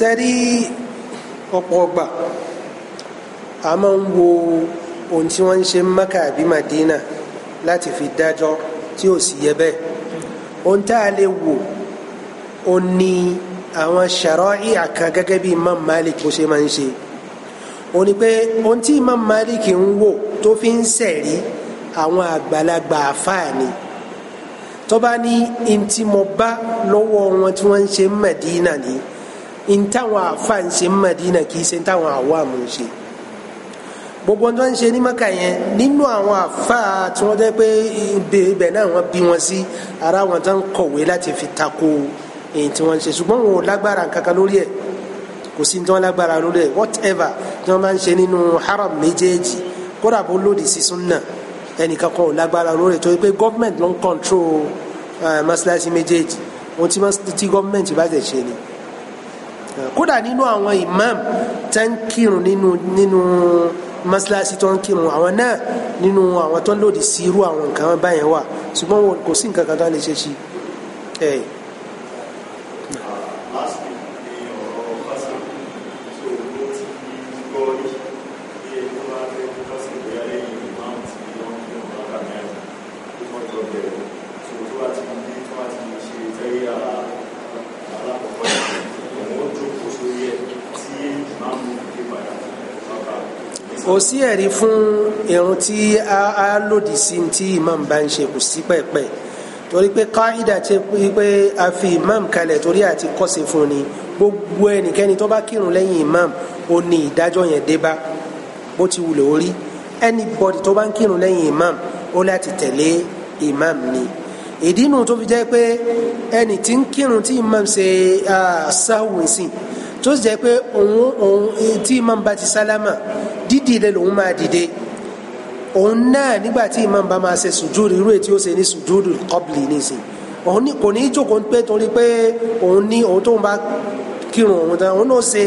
sẹ́rí ọ̀pọ̀ ọgbà a máa ń wo ohun tí wọ́n ń ṣe Mẹ́kà àbí Madina láti fi dájọ́ tí ò sì yẹ bẹ́ẹ̀ ohun tá a lè wò ó ní àwọn ṣàrọ́ì àkàn gẹ́gẹ́ bí Imam Malik bó ṣe máa ń ṣe ó ní pé ohun tí Imam Malik ń wò tó fi ń sẹ̀rí àwọn àgbàlagbà àfáàní tó bá ní ntí bá lọ́wọ́ wọn tí wọ́n ń ṣe Madina nìyí ntáwọn àfáà ń Madina kì í ṣe ntáwọn àwàmù ń gbogbo ń tó ń ṣe ní Maka yẹn nínú àwọn àfáà tí wọ́n jẹ́ pé ibẹ̀ náà wọ́n bí wọn sí ara wọn tó ń kọ̀wé fi tako èyí tí wọ́n ń ṣe ṣùgbọ́n wọn ò lágbára kò sí tí wọ́n lágbára e. lórí e. whatever tí wọ́n máa ń haram méjèèjì kódà bó lòdì sí sunna ẹnìkan kan ò lágbára lórí ẹ̀ e. pé gọ́ọ̀mẹ̀ntì ló ń control eh, masalasi méjèèjì ohun tí gọ́ọ̀mẹ̀ntì bá tẹ̀ ṣe ni kódà nínú àwọn imam tẹ́ ń kírun nínú nínú mọ́sálásí tó ń kírun àwọn náà nínú àwọn tó ń lòdì sí irú àwọn nǹkan báyẹn wà ṣùgbọ́n kò sí nǹkan kan tó lè ṣe sí i. sí ẹ̀rí fún irun tí a lòdì sí tí imam bá ń ṣe kò sí pẹ̀pẹ̀ torí pé káìdà ti pé a fi imam kalẹ̀ torí àti kọ́sẹ̀ fún ni gbogbo ẹnikẹ́ni tó bá kírun lẹ́yìn imam ó ní ìdájọ́ yẹn dé bá bó ti wulẹ̀ orí anybody tó bá ń kírun lẹ́yìn imam ó láti tẹ̀lé imam ni ìdí inú tó fi jẹ́ pé ẹni tí ń kírun tí imam ṣe ah, sáwùn sí tó sì jẹ́ pé òun òun tí imam bá ti sálámà dídìde lòun máa dìde òun náà nígbà tí imam bá máa ṣe sùjúdù irú èyí tí ó ṣe ní sùjúdù kọ́bìlì nìsín òun kò ní jókòó pé torí pé òun ní òun tóun bá kírun òun tán òun náà ṣe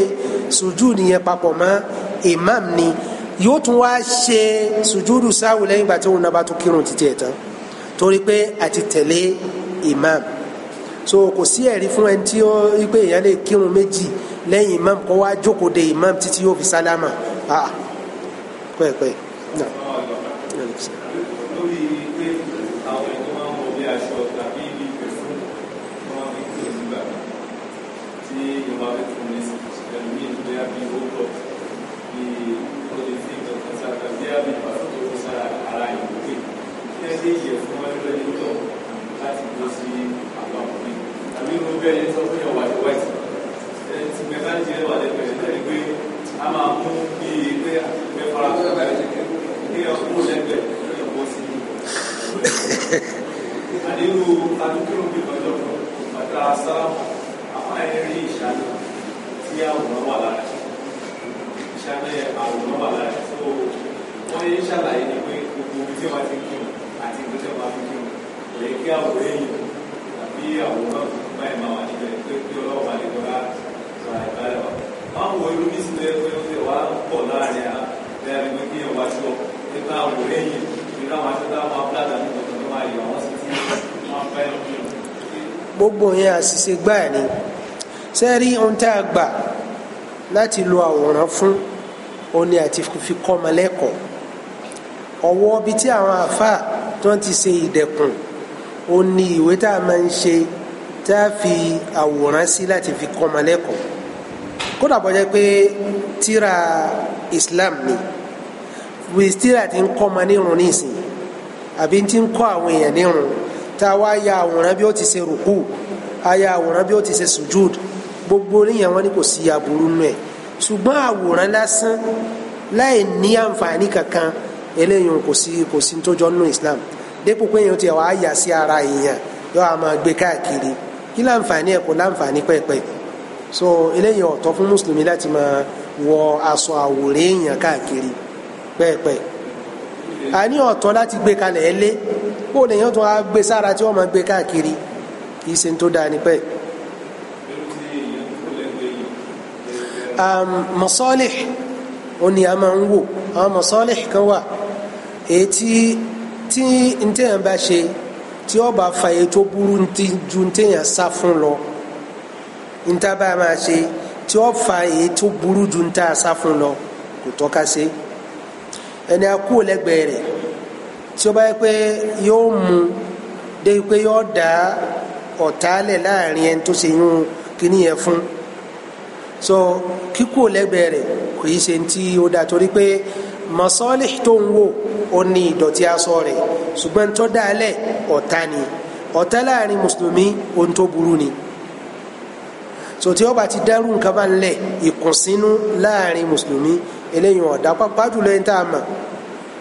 sùjúdù yẹn papọ̀ mọ́ imam ni yóò tún wá ṣe sùjúdù sáwù lẹ́yìn ìgbà tí òun náà bá tún kírun títí ẹ̀ tán torí pé àti tẹ̀lé imam so kò sí ẹ̀rí fún ẹni tí ó wípé èèyàn lè kírun méjì lẹ́yìn imam kó wá jókòó de imam títí yóò fi sálámà ah pẹ́ẹ́pẹ́ ah. náà. lórí ti mẹkáníkì ẹ wà lẹ́gbẹ̀ẹ́ lẹ́yìn pé a máa mú bí i pé mẹ́fara ní ọkùnrin lẹ́gbẹ̀ẹ́ ní ọ̀pọ̀ sí i. àdéhùn adúgbò bí lọ́jọ́ kan bàtà sálámù àwọn ẹ̀rí ìṣáná tí àwòrán wà lára ìṣáná àwòrán wà lára tó wọ́n yé ṣàlàyé ni pé gbogbo omi tí wọ́n ti kí wọn àti ìlú tí wọ́n ti kí wọn lè kí àwòrán ìbáyọ̀ àwọn wo irú bísí tó yẹ pé ó ti wá pọ̀ láàrin à bẹ́ẹ̀ ni pé kí ẹ̀ wá sọ nípa àwò lẹ́yìn ní káwọn aṣọ táwọn abúládà ní tuntun tó máa yọ àwọn sì ti máa gbogbo yẹn àṣìṣe gbáà ni sẹ́ẹ̀rí ohun tá a gbà láti lo àwòrán fún òní àti fi kọ́mọ lẹ́kọ̀ọ́ ọ̀wọ́ bíi tí àwọn àáfàá tó ń ti ṣe ìdẹ̀kùn òní ìwé tá a máa ń ṣe tá a fi àwòrán sí láti fi kọ́mọ lẹ́kọ̀ọ́ kódà bọ́ jẹ́ pé tíra islam ni wíìsì tíra ti ń kọ́ ma nírun nísìnyí àbí ti ń kọ́ àwọn èèyàn nírun tá a wá ya àwòrán bí ó ti ṣe rùkú a ya àwòrán bí ó ti ṣe sùjúd gbogbo oníyàn wọn ni kò sí aburú nù ẹ̀ ṣùgbọ́n àwòrán lásán láì ní àǹfààní kankan eléyìí kò sí kò sí tó nínú islam dépò pé èèyàn ti wàá yà sí ara èèyàn yóò máa gbé káàkiri kí láǹfààní ẹ̀ kò láǹfààní pẹ́ẹ́pẹ́ẹ́. so eléyìí ọ̀tọ̀ fún mùsùlùmí láti ma wọ aṣọ àwòrán èèyàn káàkiri pẹ́ẹ́pẹ́ a ní ọ̀tọ̀ láti gbé kalẹ̀ ẹlé bó lè yàn tó a gbé sára tí wọ́n máa gbé káàkiri kì í ṣe tó dáa ní pẹ́ẹ́. ní a máa ń wò àwọn kan wà èyí tí tó burú ju ntẹ̀yàn sá ntaba máa ṣe tí ó fa èyí tó burú ju nta sá fún lọ kò tọ́ka ṣe ẹni akú lẹ́gbẹ̀ẹ́ rẹ̀ tí ó bá yẹ pé yóò mú dé pé yóò dá ọ̀tálẹ̀ láàrin ẹni tó ṣe yún kíní yẹn fún so kíkú lẹ́gbẹ̀ẹ́ rẹ̀ kò yí ṣe ti ó dáa torí pé masọ́lì tó ń wò ó ní ìdọ̀tí aṣọ rẹ̀ ṣùgbọ́n tó dáa lẹ̀ ọ̀tá ni ọ̀tá láàrin mùsùlùmí ohun tó burú ni so tí ó bá ti dẹ́rù nǹkan bá ń lẹ̀ ìkùnsínú láàrin mùsùlùmí eléyìí ọ̀dà pàápàá jùlọ ẹni tá a mọ̀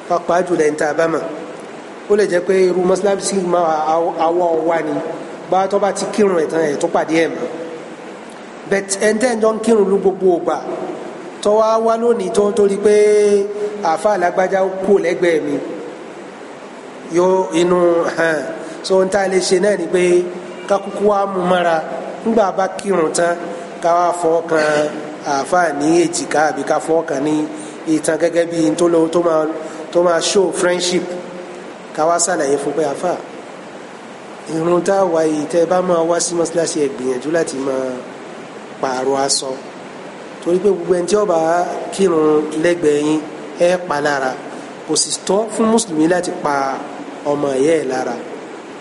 pàápàá jùlọ ẹni tá a bá mọ̀ ó lè jẹ́ pé irú mọ́sálásí máa awọ́ wa ni bá tó bá ti kírun ẹ̀ tán ẹ̀ tó pàdé ẹ̀ mọ́ bẹ́t ẹni tẹ́ ń jọ ń kírun ní gbogbo ògbà tó wá lónìí tó torí pé àfa alágbájá kú lẹ́gbẹ̀ẹ́ mi yóò inú hàn so n ta lè ṣe náà ni pé kakuku wa mú mọ́ra ńgbà bá kírun tán ká wá fọ́ kan àáfàá ní èjìká àbí ká fọ́ kan ní ìtàn gẹ́gẹ́ bí tó máa show friendship ká wá sàlàyé fún pé àáfàá irun tá a wá yìí tẹ ẹ bá máa wá sí mọ́ṣáláṣí ẹ gbìyànjú láti máa pààrọ̀ aṣọ torí pé gbogbo ẹni tí ó kírun lẹ́gbẹ̀ẹ́ yín ẹ pa lára kò sì tọ́ fún mùsùlùmí láti pa ọmọ ẹ̀yẹ́ ẹ̀ lára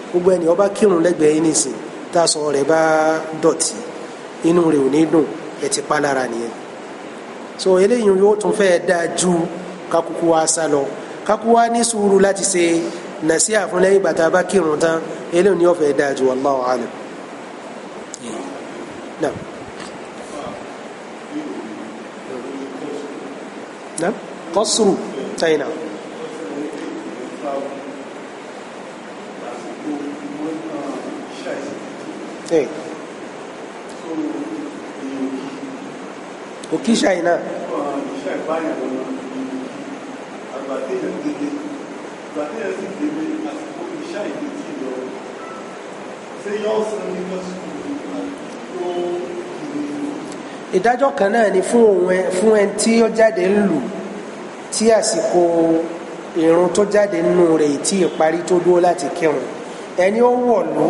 gbogbo ẹni ó kírun lẹ́gbẹ̀ẹ́ yín nìsín tásọ rẹ̀ bá dọ̀tí inú rẹ̀ ò ní dùn ẹ ti pa nìyẹn so eléyìí yóò tún fẹ́ dáa ju kakuku wa sá lọ kakuku wa ní sùúrù láti ṣe nàṣí àfúnlẹ́yìn bàtà bá kírun tán eléyìí ni yóò fẹ́ dáa ju wallahu alam. Naam. Naam. Qasru. Tayi naam. ẹ̀ òkì ṣáì náà. ìdájọ́ kan náà ni fún òun fún ẹni tí ó jáde ń lù tí àsìkò ìrun tó jáde nínú rẹ̀ tí ìparí tó dúró láti kírun ẹni ó wọ̀ ló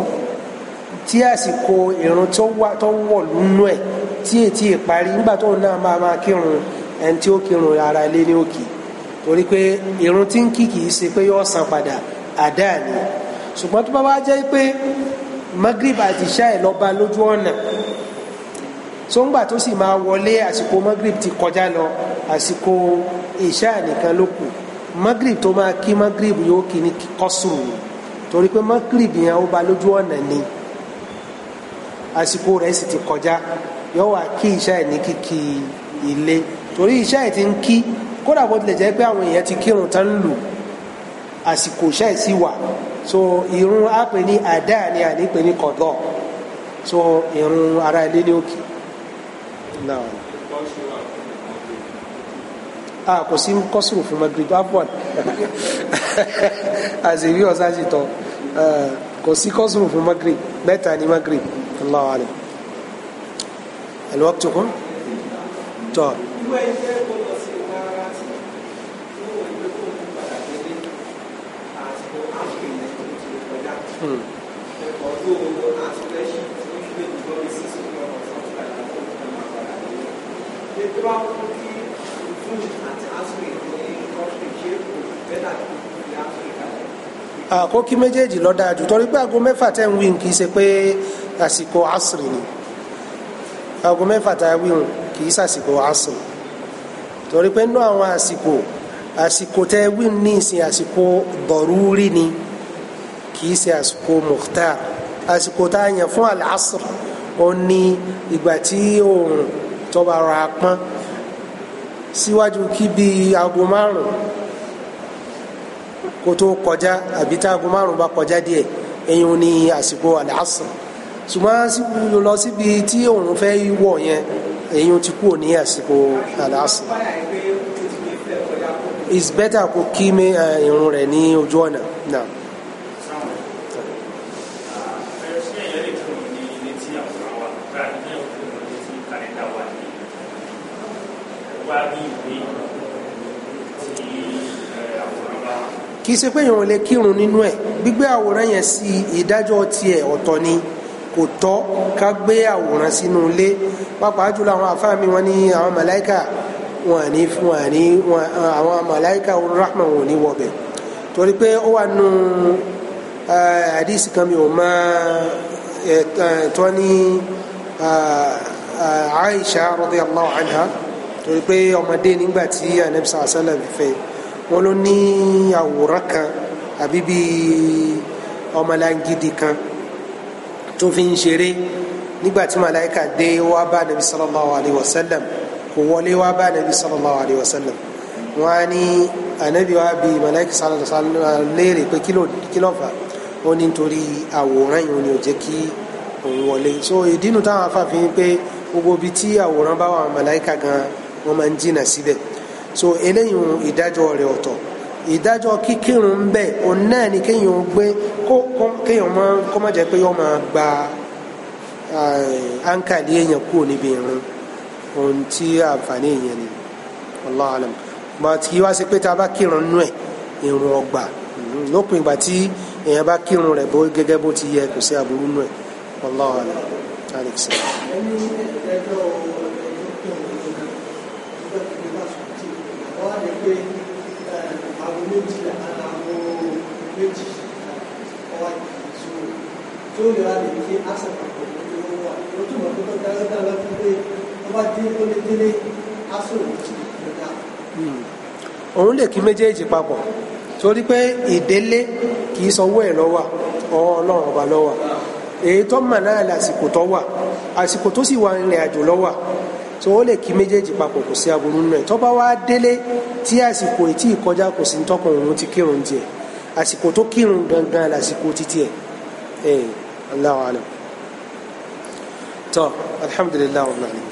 tí àsìkò ìrun tó wà tó wọ̀ lúnú ẹ̀ tí ètí ìparí nígbà tó náà máa máa kírun ẹni tí ó kírun ara ilé ní òkè torí pé ìrun tí ń kí kìí ṣe pé yóò san padà àdá ni ṣùgbọ́n tó bá wá jẹ́ pé magrib àti ṣáì lọ́ba lójú ọ̀nà tó ń gbà tó sì máa wọlé àsìkò magrib ti kọjá lọ àsìkò ìṣá nìkan ló kù magrib tó máa kí magrib yóò kí ní kọ́sùrù torí pé magrib yẹn ó ba lójú ọ̀nà ni. Magrib, àsìkò rẹ̀ sì ti kọjá yóò wá kí ìṣá ẹ̀ ní kíkí ilé torí ìṣá ẹ̀ ti ń kí kódà bó tilẹ̀ jẹ́ pé àwọn èèyàn ti kírun tán lù àsìkò ìṣá ẹ̀ sì wà so irun á pè ní àdá ni à ní pè ní kọ̀dọ̀ so irun ara ilé ní òkè náà a kò sí kọ́sùrù fún magrib afwan àṣírí ọ̀sán ṣètò kò sí kọ́sùrù fún magrib mẹ́ta ní magrib. الله أعلم الوقت كم؟ طيب hmm. àkókí méjèèjì ló dáa jù torí pé aago mẹ́fà tẹ̀ ń wí kì í ṣe pé àsìkò asiri ni aago mẹ́fà tá a wí hùn kì í sàsìkò asiri torí pé nínú àwọn àsìkò àsìkò tẹ́ wí hùn ní ìsìn àsìkò dọ̀rúrí ni kì í ṣe àsìkò mukhtar àsìkò tá a yàn fún al-asr ó ní ìgbà tí oòrùn tó bá ra síwájú kí bíi aago márùn kó tó kọjá àbí tá aago márùn bá kọjá díẹ̀ èyí ni àsìkò al-asr ṣùgbọ́n lọ síbi tí òun fẹ́ wọ̀ yẹn èyí ti kúrò ní àsìkò àlàásì is better kó kí mi irun rẹ̀ ní ojú ọ̀nà náà. kì í ṣe pé èèyàn lè kírun nínú ẹ̀ gbígbé àwòrán yẹn sí ìdájọ́ tiẹ̀ ọ̀tọ̀ ni kò tọ́ ká gbé àwòrán sínú ilé pàápàá jùlọ àwọn àfáà mi wọ́n ní àwọn màláìkà wọn ní wọn ní àwọn màláìkà rahman wọn ní wọbẹ̀ torí pé ó wà nù àdìsí kan mi ò mọ tọ́ ní Aisha radiyallahu anha torí pé ọmọdé nígbà tí anabi sàlẹ̀ fẹ́ wọn ló ní àwòrán kan àbí bíi ọmọlangidi kan tó fi ń ṣeré nígbà tí màláìka dé wá bá nàbí sallallahu alayhi wa sallam kò wọlé wá bá nàbí sallallahu alayhi wa sallam wọn á ní ànábì wa bí màláìka sallallahu alayhi wa sallam léèrè pé kí fà ó ní nítorí àwòrán yìí ó ní ò jẹ́ kí òun wọlé so ìdínú táwọn afáfin pé gbogbo ibi tí àwòrán bá wà màláìka gan wọn máa ń jìnnà síbẹ̀ so eléyìí ìdájọ́ rẹ̀ ọ̀tọ̀ ìdájọ́ kíkírun ń bẹ òun náà ni kéèyàn gbé kéèyàn máa kọ́ má jẹ́ pé yọ́ máa gba áńkàlì eh, èèyàn kúrò níbi irun ohun tí àǹfààní èèyàn ni Allahu alam but wá sí pé tá a bá kírun nú ẹ̀ irun ọgbà hmm, lópin ìgbà tí èèyàn bá kírun rẹ̀ bó gẹ́gẹ́ ti yẹ kò sí nú ẹ̀ méjì àtàwọn méjì ọwọ́ ìṣòro tó lè ra lè fi access àpapọ̀ lórí owó wa ló túmọ̀ tó tó dáná dáná fún pé wọ́n bá dé ó lé délé aṣòro tó dá. Hmm. òun lè kí méjèèjì papọ̀ torí pé ìdélé kì í sanwó ẹ̀ lọ́wọ́ ọlọ́run ọba lọ́wọ́ èyí tó mọ̀ náà lásìkò tó wà àsìkò tó sì wà ń rìn àjò lọ́wọ́ so ó lè kí méjèèjì papọ̀ kò sí aburú nù ẹ̀ tó bá wá délé tí àsìkò ètí ìkọjá kò sí tọkàn òun ti kírun tiẹ̀ àsìkò tó kírun gangan lásìkò títí ẹ̀ ẹ̀ Allahu alam tó alhamdulilayi wa rahmatulahi.